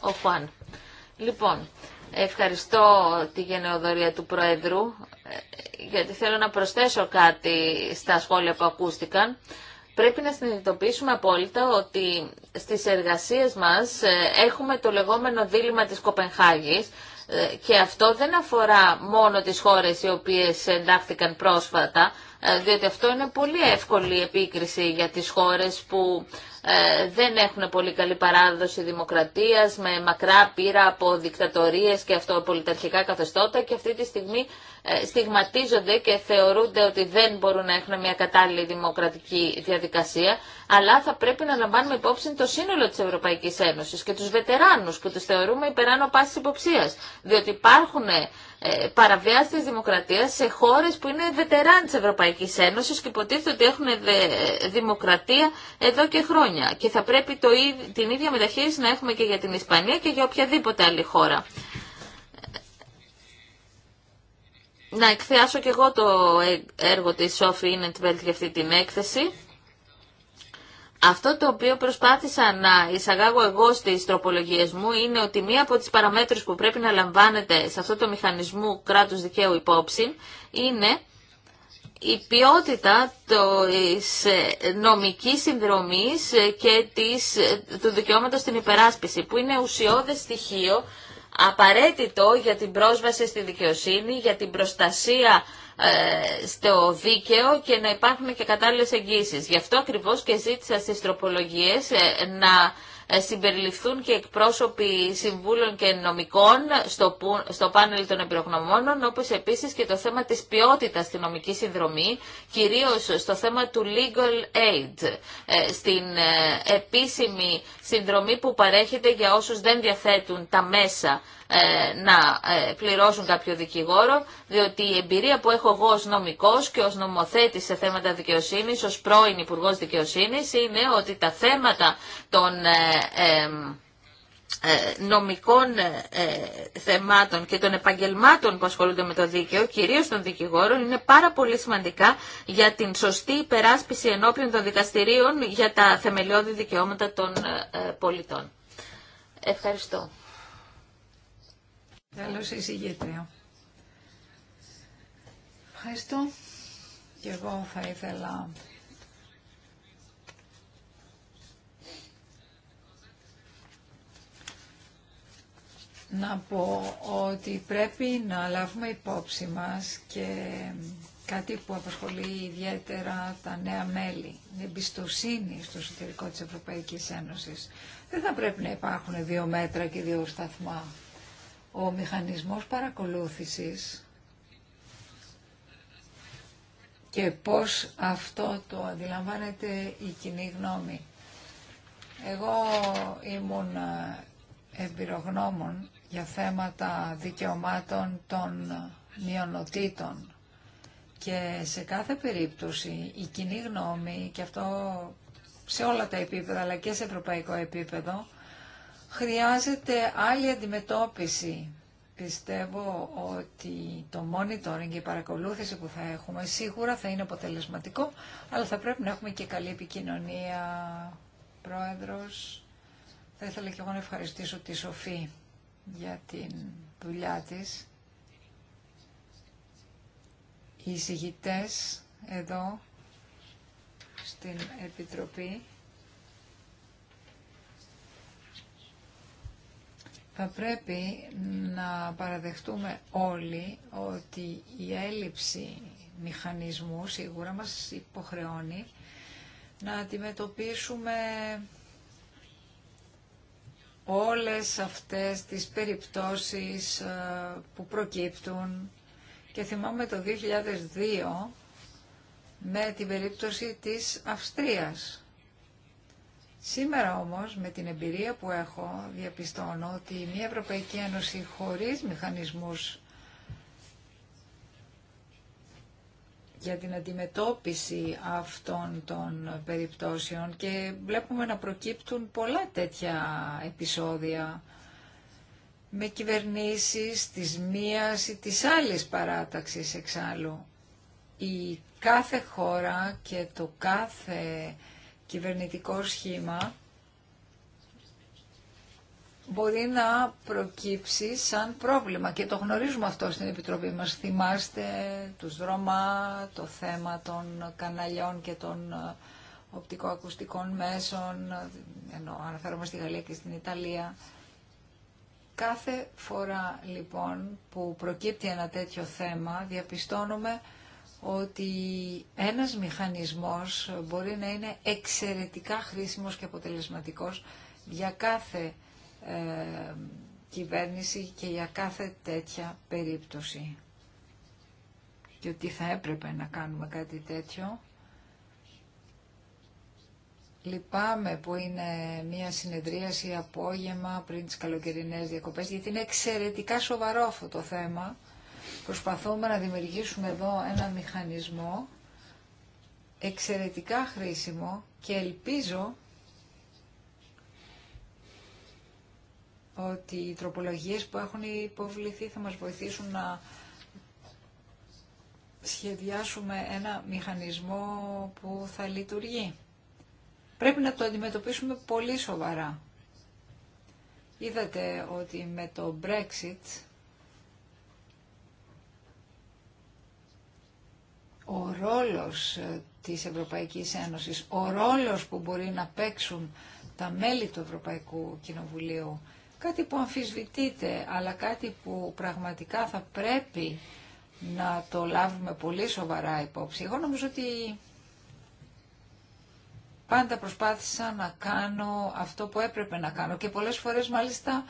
Ο Χουάν. Λοιπόν, ευχαριστώ τη γενεοδορία του Προέδρου ε, γιατί θέλω να προσθέσω κάτι στα σχόλια που ακούστηκαν. Πρέπει να συνειδητοποιήσουμε απόλυτα ότι στις εργασίες μας έχουμε το λεγόμενο δίλημα της Κοπενχάγης ε, και αυτό δεν αφορά μόνο τις χώρες οι οποίες εντάχθηκαν πρόσφατα, ε, διότι αυτό είναι πολύ εύκολη επίκριση για τις χώρες που ε, δεν έχουν πολύ καλή παράδοση δημοκρατίας με μακρά πείρα από δικτατορίες και αυτοπολιταρχικά καθεστώτα και αυτή τη στιγμή ε, στιγματίζονται και θεωρούνται ότι δεν μπορούν να έχουν μια κατάλληλη δημοκρατική διαδικασία αλλά θα πρέπει να λαμβάνουμε υπόψη το σύνολο της Ευρωπαϊκής Ένωσης και τους βετεράνους που τους θεωρούμε υπεράνω πάσης υποψίας διότι υπάρχουν ε, παραβιάσει τη δημοκρατίας σε χώρες που είναι βετεράν τη Ευρωπαϊκής Ένωση και υποτίθεται ότι έχουν δημοκρατία εδώ και χρόνια. Και θα πρέπει το, την ίδια μεταχείριση να έχουμε και για την Ισπανία και για οποιαδήποτε άλλη χώρα. Να εκθεάσω και εγώ το ε, έργο της Σόφη Ινεντβέλτ για αυτή την έκθεση. Αυτό το οποίο προσπάθησα να εισαγάγω εγώ στις τροπολογίες μου είναι ότι μία από τις παραμέτρους που πρέπει να λαμβάνετε σε αυτό το μηχανισμό κράτους δικαίου υπόψη είναι η ποιότητα της νομικής συνδρομής και της, του δικαιώματος στην υπεράσπιση, που είναι ουσιώδες στοιχείο απαραίτητο για την πρόσβαση στη δικαιοσύνη, για την προστασία ε, στο δίκαιο και να υπάρχουν και κατάλληλες εγγύσεις. Γι' αυτό ακριβώς και ζήτησα στις τροπολογίες ε, να ε, συμπεριληφθούν και εκπρόσωποι συμβούλων και νομικών στο, που, στο πάνελ των εμπειρογνωμόνων, όπως επίσης και το θέμα της ποιότητας στη νομική συνδρομή, κυρίως στο θέμα του legal aid, ε, στην ε, επίσημη συνδρομή που παρέχεται για όσους δεν διαθέτουν τα μέσα ε, να ε, πληρώσουν κάποιο δικηγόρο, διότι η εμπειρία που έχω εγώ ως νομικός και ως νομοθέτης σε θέματα δικαιοσύνης, ως πρώην Υπουργός Δικαιοσύνης, είναι ότι τα θέματα των ε, νομικών θεμάτων και των επαγγελμάτων που ασχολούνται με το δίκαιο, κυρίως των δικηγόρων, είναι πάρα πολύ σημαντικά για την σωστή υπεράσπιση ενώπιον των δικαστηρίων για τα θεμελιώδη δικαιώματα των πολιτών. Ευχαριστώ. Καλώ εισηγήτρια. Ευχαριστώ. Και εγώ θα ήθελα να πω ότι πρέπει να λάβουμε υπόψη μας και κάτι που απασχολεί ιδιαίτερα τα νέα μέλη, την εμπιστοσύνη στο εσωτερικό της Ευρωπαϊκής Ένωσης. Δεν θα πρέπει να υπάρχουν δύο μέτρα και δύο σταθμά. Ο μηχανισμός παρακολούθησης και πώς αυτό το αντιλαμβάνεται η κοινή γνώμη. Εγώ ήμουν ε, εμπειρογνώμων για θέματα δικαιωμάτων των μειονοτήτων και σε κάθε περίπτωση η κοινή γνώμη και αυτό σε όλα τα επίπεδα αλλά και σε ευρωπαϊκό επίπεδο Χρειάζεται άλλη αντιμετώπιση. Πιστεύω ότι το monitoring και η παρακολούθηση που θα έχουμε σίγουρα θα είναι αποτελεσματικό, αλλά θα πρέπει να έχουμε και καλή επικοινωνία, Πρόεδρος. Θα ήθελα και εγώ να ευχαριστήσω τη Σοφή για την δουλειά της. Οι εισηγητές εδώ στην Επιτροπή Θα πρέπει να παραδεχτούμε όλοι ότι η έλλειψη μηχανισμού σίγουρα μας υποχρεώνει να αντιμετωπίσουμε όλες αυτές τις περιπτώσεις ε, που προκύπτουν και θυμάμαι το 2002 με την περίπτωση της Αυστρίας Σήμερα όμως με την εμπειρία που έχω διαπιστώνω ότι μια Ευρωπαϊκή Ένωση χωρίς μηχανισμούς για την αντιμετώπιση αυτών των περιπτώσεων και βλέπουμε να προκύπτουν πολλά τέτοια επεισόδια με κυβερνήσεις της μίας ή της άλλης παράταξης εξάλλου. Η κάθε χώρα και το κάθε κυβερνητικό σχήμα μπορεί να προκύψει σαν πρόβλημα και το γνωρίζουμε αυτό στην Επιτροπή μας. Θυμάστε τους Ρωμά, το θέμα των καναλιών και των ε, οπτικοακουστικών μέσων, ενώ αναφέρομαι στη Γαλλία και στην Ιταλία. Κάθε φορά λοιπόν που προκύπτει ένα τέτοιο θέμα διαπιστώνουμε ότι ένας μηχανισμός μπορεί να είναι εξαιρετικά χρήσιμος και αποτελεσματικός για κάθε ε, κυβέρνηση και για κάθε τέτοια περίπτωση. Και ότι θα έπρεπε να κάνουμε κάτι τέτοιο. Λυπάμαι που είναι μια συνεδρίαση απόγευμα πριν τις καλοκαιρινές διακοπές, γιατί είναι εξαιρετικά σοβαρό αυτό το θέμα Προσπαθούμε να δημιουργήσουμε εδώ ένα μηχανισμό εξαιρετικά χρήσιμο και ελπίζω ότι οι τροπολογίες που έχουν υποβληθεί θα μας βοηθήσουν να σχεδιάσουμε ένα μηχανισμό που θα λειτουργεί. Πρέπει να το αντιμετωπίσουμε πολύ σοβαρά. Είδατε ότι με το Brexit ο ρόλος ε, της Ευρωπαϊκής Ένωσης, ο ρόλος που μπορεί να παίξουν τα μέλη του Ευρωπαϊκού Κοινοβουλίου, κάτι που αμφισβητείται, αλλά κάτι που πραγματικά θα πρέπει να το λάβουμε πολύ σοβαρά υπόψη. Εγώ νομίζω ότι πάντα προσπάθησα να κάνω αυτό που έπρεπε να κάνω και πολλές φορές μάλιστα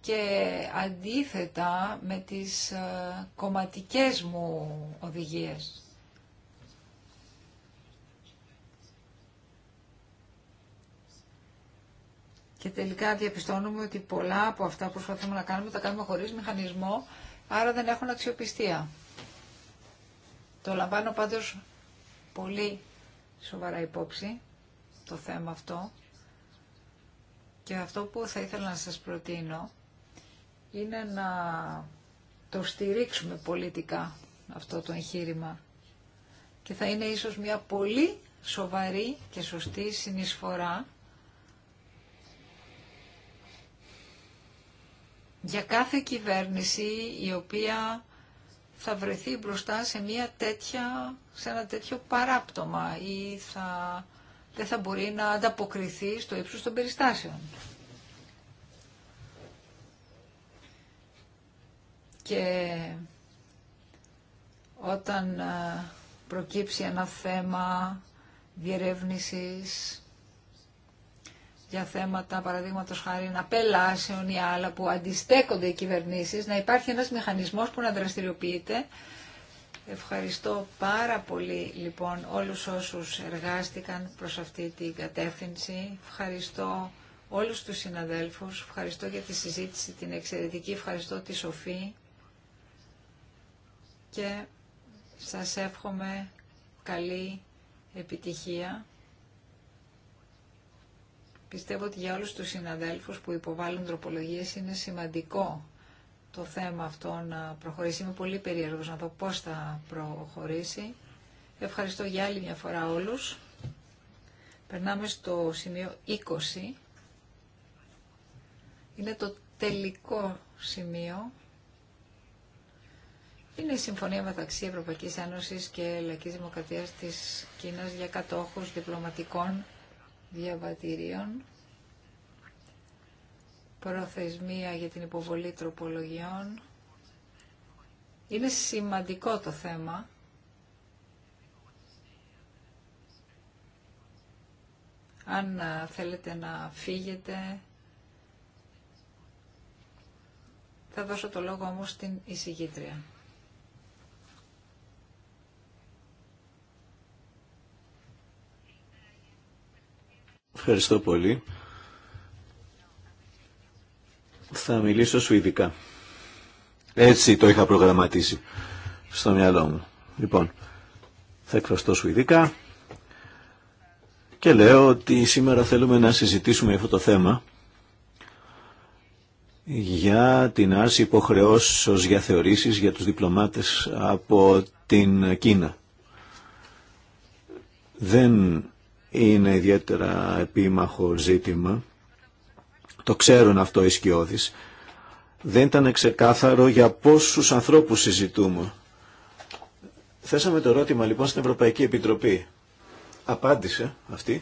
και αντίθετα με τις ε, κομματικές μου οδηγίες. Και τελικά διαπιστώνουμε ότι πολλά από αυτά που προσπαθούμε να κάνουμε τα κάνουμε χωρί μηχανισμό, άρα δεν έχουν αξιοπιστία. Το λαμβάνω πάντως πολύ σοβαρά υπόψη το θέμα αυτό και αυτό που θα ήθελα να σας προτείνω είναι να το στηρίξουμε πολιτικά αυτό το εγχείρημα και θα είναι ίσως μια πολύ σοβαρή και σωστή συνεισφορά για κάθε κυβέρνηση η οποία θα βρεθεί μπροστά σε, μια τέτοια, σε ένα τέτοιο παράπτωμα ή θα, δεν θα μπορεί να ανταποκριθεί στο ύψος των περιστάσεων. Και όταν ε, προκύψει ένα θέμα διερεύνησης για θέματα παραδείγματο χάρη απελάσεων ή άλλα που αντιστέκονται οι κυβερνήσεις, να υπάρχει ένας μηχανισμός που να δραστηριοποιείται. Ευχαριστώ πάρα πολύ λοιπόν όλους όσους εργάστηκαν προς αυτή την κατεύθυνση. Ευχαριστώ όλους τους συναδέλφους, ευχαριστώ για τη συζήτηση, την εξαιρετική, ευχαριστώ τη Σοφή και σας εύχομαι καλή επιτυχία Πιστεύω ότι για όλους τους συναδέλφους που υποβάλλουν τροπολογίες είναι σημαντικό το θέμα αυτό να προχωρήσει. Είμαι πολύ περίεργος να δω πώς θα προχωρήσει. Ευχαριστώ για άλλη μια φορά όλους. Περνάμε στο σημείο 20. Είναι το τελικό σημείο. Είναι η συμφωνία μεταξύ Ευρωπαϊκής Ένωσης και Λαϊκής Δημοκρατίας της Κίνας για κατόχους διπλωματικών διαβατηρίων, προθεσμία για την υποβολή τροπολογιών. Είναι σημαντικό το θέμα. Αν θέλετε να φύγετε, θα δώσω το λόγο όμως στην εισηγήτρια. Ευχαριστώ πολύ. Θα μιλήσω σου ειδικά. Έτσι το είχα προγραμματίσει στο μυαλό μου. Λοιπόν, θα εκφραστώ σου ειδικά και λέω ότι σήμερα θέλουμε να συζητήσουμε αυτό το θέμα για την άρση υποχρεώσεως για θεωρήσεις για τους διπλωμάτες από την Κίνα. Δεν είναι ιδιαίτερα επίμαχο ζήτημα. Το ξέρουν αυτό οι σκιώδεις. Δεν ήταν ξεκάθαρο για πόσους ανθρώπους συζητούμε. Θέσαμε το ερώτημα λοιπόν στην Ευρωπαϊκή Επιτροπή. Απάντησε αυτή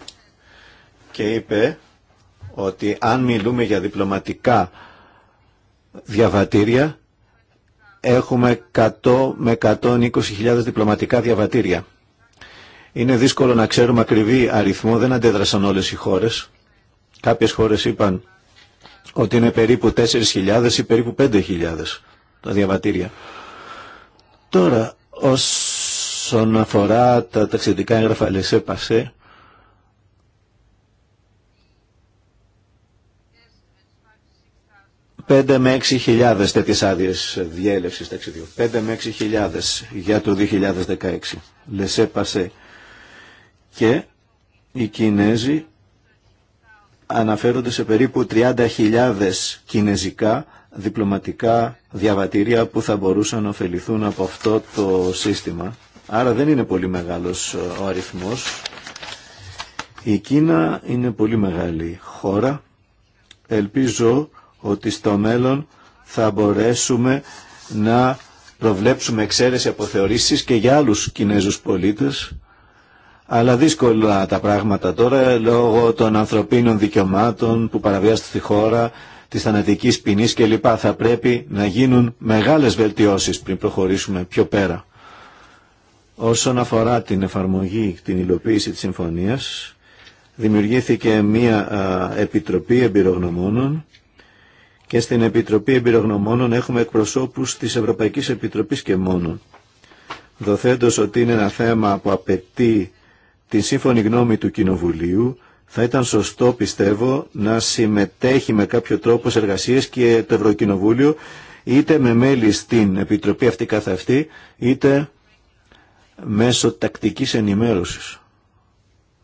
και είπε ότι αν μιλούμε για διπλωματικά διαβατήρια έχουμε 100 με 120.000 διπλωματικά διαβατήρια. Είναι δύσκολο να ξέρουμε ακριβή αριθμό, δεν αντέδρασαν όλες οι χώρες. Κάποιες χώρες είπαν ότι είναι περίπου 4.000 ή περίπου 5.000 τα διαβατήρια. Τώρα, όσον αφορά τα ταξιδιτικά έγγραφα Λεσέ Πασέ, Πέντε με έξι χιλιάδες τέτοιες άδειες διέλευσης ταξιδιού. Πέντε με έξι για το 2016. Λεσέ Πασέ και οι Κινέζοι αναφέρονται σε περίπου 30.000 κινέζικα διπλωματικά διαβατήρια που θα μπορούσαν να ωφεληθούν από αυτό το σύστημα. Άρα δεν είναι πολύ μεγάλος ε, ο αριθμός. Η Κίνα είναι πολύ μεγάλη χώρα. Ελπίζω ότι στο μέλλον θα μπορέσουμε να προβλέψουμε εξαίρεση αποθεωρήσεις και για άλλους Κινέζους πολίτες αλλά δύσκολα τα πράγματα τώρα λόγω των ανθρωπίνων δικαιωμάτων που παραβιάζεται στη χώρα, της θανατικής ποινής κλπ. Θα πρέπει να γίνουν μεγάλες βελτιώσεις πριν προχωρήσουμε πιο πέρα. Όσον αφορά την εφαρμογή, την υλοποίηση της συμφωνίας, δημιουργήθηκε μία επιτροπή εμπειρογνωμόνων και στην Επιτροπή Εμπειρογνωμόνων έχουμε εκπροσώπους της Ευρωπαϊκής Επιτροπής και μόνον. Δοθέντως ότι είναι ένα θέμα που απαιτεί την σύμφωνη γνώμη του Κοινοβουλίου θα ήταν σωστό πιστεύω να συμμετέχει με κάποιο τρόπο σε εργασίες και το Ευρωκοινοβούλιο είτε με μέλη στην Επιτροπή αυτή καθ' αυτή είτε μέσω τακτικής ενημέρωσης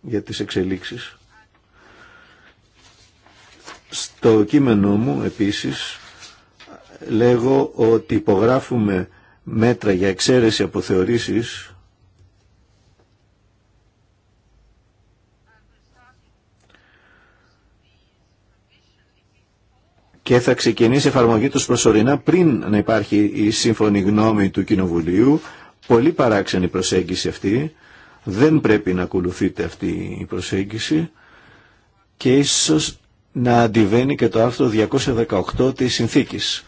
για τις εξελίξεις. Στο κείμενό μου επίσης λέγω ότι υπογράφουμε μέτρα για εξαίρεση από και θα ξεκινήσει η εφαρμογή τους προσωρινά πριν να υπάρχει η σύμφωνη γνώμη του Κοινοβουλίου. Πολύ παράξενη προσέγγιση αυτή. Δεν πρέπει να ακολουθείται αυτή η προσέγγιση και ίσως να αντιβαίνει και το άρθρο 218 της συνθήκης.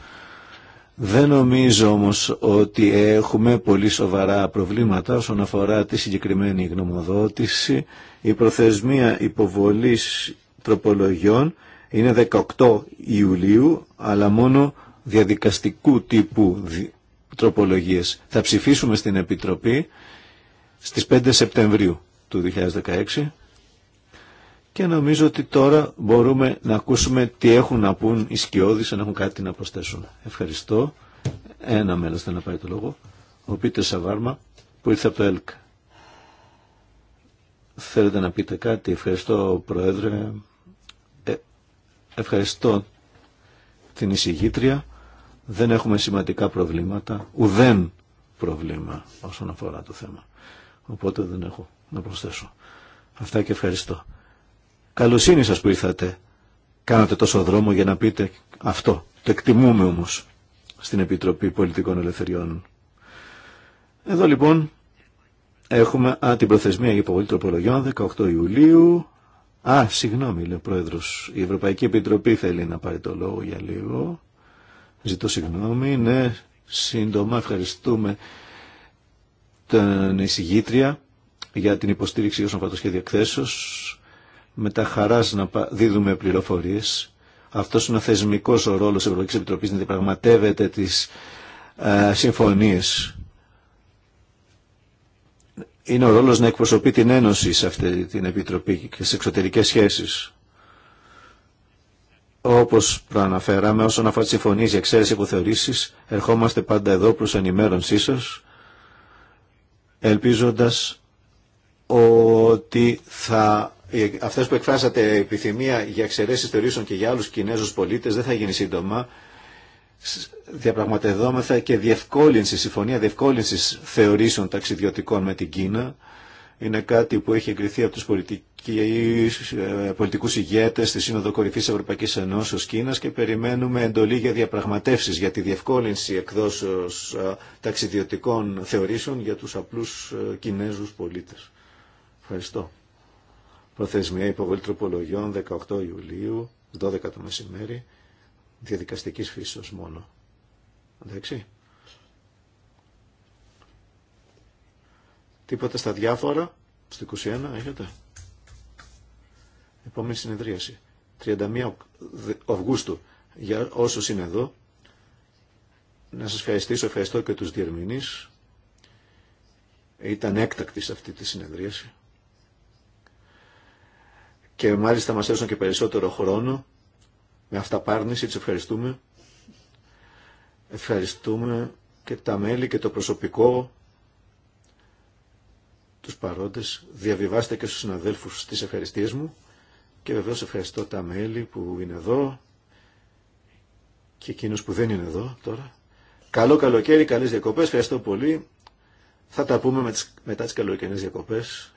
Δεν νομίζω όμως ότι έχουμε πολύ σοβαρά προβλήματα όσον αφορά τη συγκεκριμένη γνωμοδότηση. Η προθεσμία υποβολής τροπολογιών είναι 18 Ιουλίου, αλλά μόνο διαδικαστικού τύπου τροπολογίες. Θα ψηφίσουμε στην Επιτροπή στις 5 Σεπτεμβρίου του 2016 και νομίζω ότι τώρα μπορούμε να ακούσουμε τι έχουν να πούν οι σκιώδεις αν έχουν κάτι να προσθέσουν. Ευχαριστώ. Ένα μέλος θα να πάρει το λόγο. Ο Πίτερ Σαβάρμα που ήρθε από το ΕΛΚ. Θέλετε να πείτε κάτι. Ευχαριστώ Πρόεδρε. Ευχαριστώ την εισηγήτρια. Δεν έχουμε σημαντικά προβλήματα, ουδέν προβλήμα όσον αφορά το θέμα. Οπότε δεν έχω να προσθέσω. Αυτά και ευχαριστώ. Καλοσύνη σας που ήρθατε. Κάνατε τόσο δρόμο για να πείτε αυτό. Το εκτιμούμε όμως στην Επιτροπή Πολιτικών Ελευθεριών. Εδώ λοιπόν έχουμε α, την προθεσμία για υποβολή τροπολογιών 18 Ιουλίου Α, συγγνώμη, λέει ο πρόεδρο. Η Ευρωπαϊκή Επιτροπή θέλει να πάρει το λόγο για λίγο. Ζητώ συγγνώμη. Ναι, σύντομα ευχαριστούμε την εισηγήτρια για την υποστήριξη όσων αφορά το σχέδιο εκθέσεω. Με τα χαράς να δίδουμε πληροφορίε. Αυτό είναι ο θεσμικό ρόλο ρόλος Ευρωπαϊκή Επιτροπή Επιτροπής να διαπραγματεύεται τι συμφωνίε. συμφωνίες είναι ο ρόλος να εκπροσωπεί την Ένωση σε αυτή την Επιτροπή και σε εξωτερικές σχέσεις. Όπως προαναφέραμε όσον αφορά τις συμφωνίες για εξαίρεση υποθεωρήσεις, ερχόμαστε πάντα εδώ προς ενημέρωσή σας, ελπίζοντας ότι θα, αυτές που εκφράσατε επιθυμία για εξαιρέσεις θεωρήσεων και για άλλους Κινέζους πολίτες δεν θα γίνει σύντομα, διαπραγματευόμεθα και διευκόλυνση, συμφωνία διευκόλυνση θεωρήσεων ταξιδιωτικών με την Κίνα. Είναι κάτι που έχει εγκριθεί από του ε, πολιτικού ηγέτε στη Σύνοδο Κορυφής Ευρωπαϊκής Ενώσεω Κίνα και περιμένουμε εντολή για διαπραγματεύσει, για τη διευκόλυνση εκδόσεω ε, ταξιδιωτικών θεωρήσεων για του απλούς ε, Κινέζους πολίτε. Ευχαριστώ. Προθεσμία υποβολή τροπολογιών 18 Ιουλίου, 12 το μεσημέρι διαδικαστικής φύσεως μόνο. Εντάξει. Τίποτα στα διάφορα. Στο 21 έχετε. Επόμενη συνεδρίαση. 31 Αυγούστου. Για όσους είναι εδώ. Να σας ευχαριστήσω. Ευχαριστώ και τους διερμηνείς. Ήταν έκτακτη αυτή τη συνεδρίαση. Και μάλιστα μας έδωσαν και περισσότερο χρόνο με αυταπάρνηση. Τους ευχαριστούμε. Ευχαριστούμε και τα μέλη και το προσωπικό τους παρόντες. Διαβιβάστε και στους συναδέλφους τις ευχαριστίες μου και βεβαίως ευχαριστώ τα μέλη που είναι εδώ και εκείνους που δεν είναι εδώ τώρα. Καλό καλοκαίρι, καλές διακοπές, ευχαριστώ πολύ. Θα τα πούμε με τις, μετά τις καλοκαιρινές διακοπές.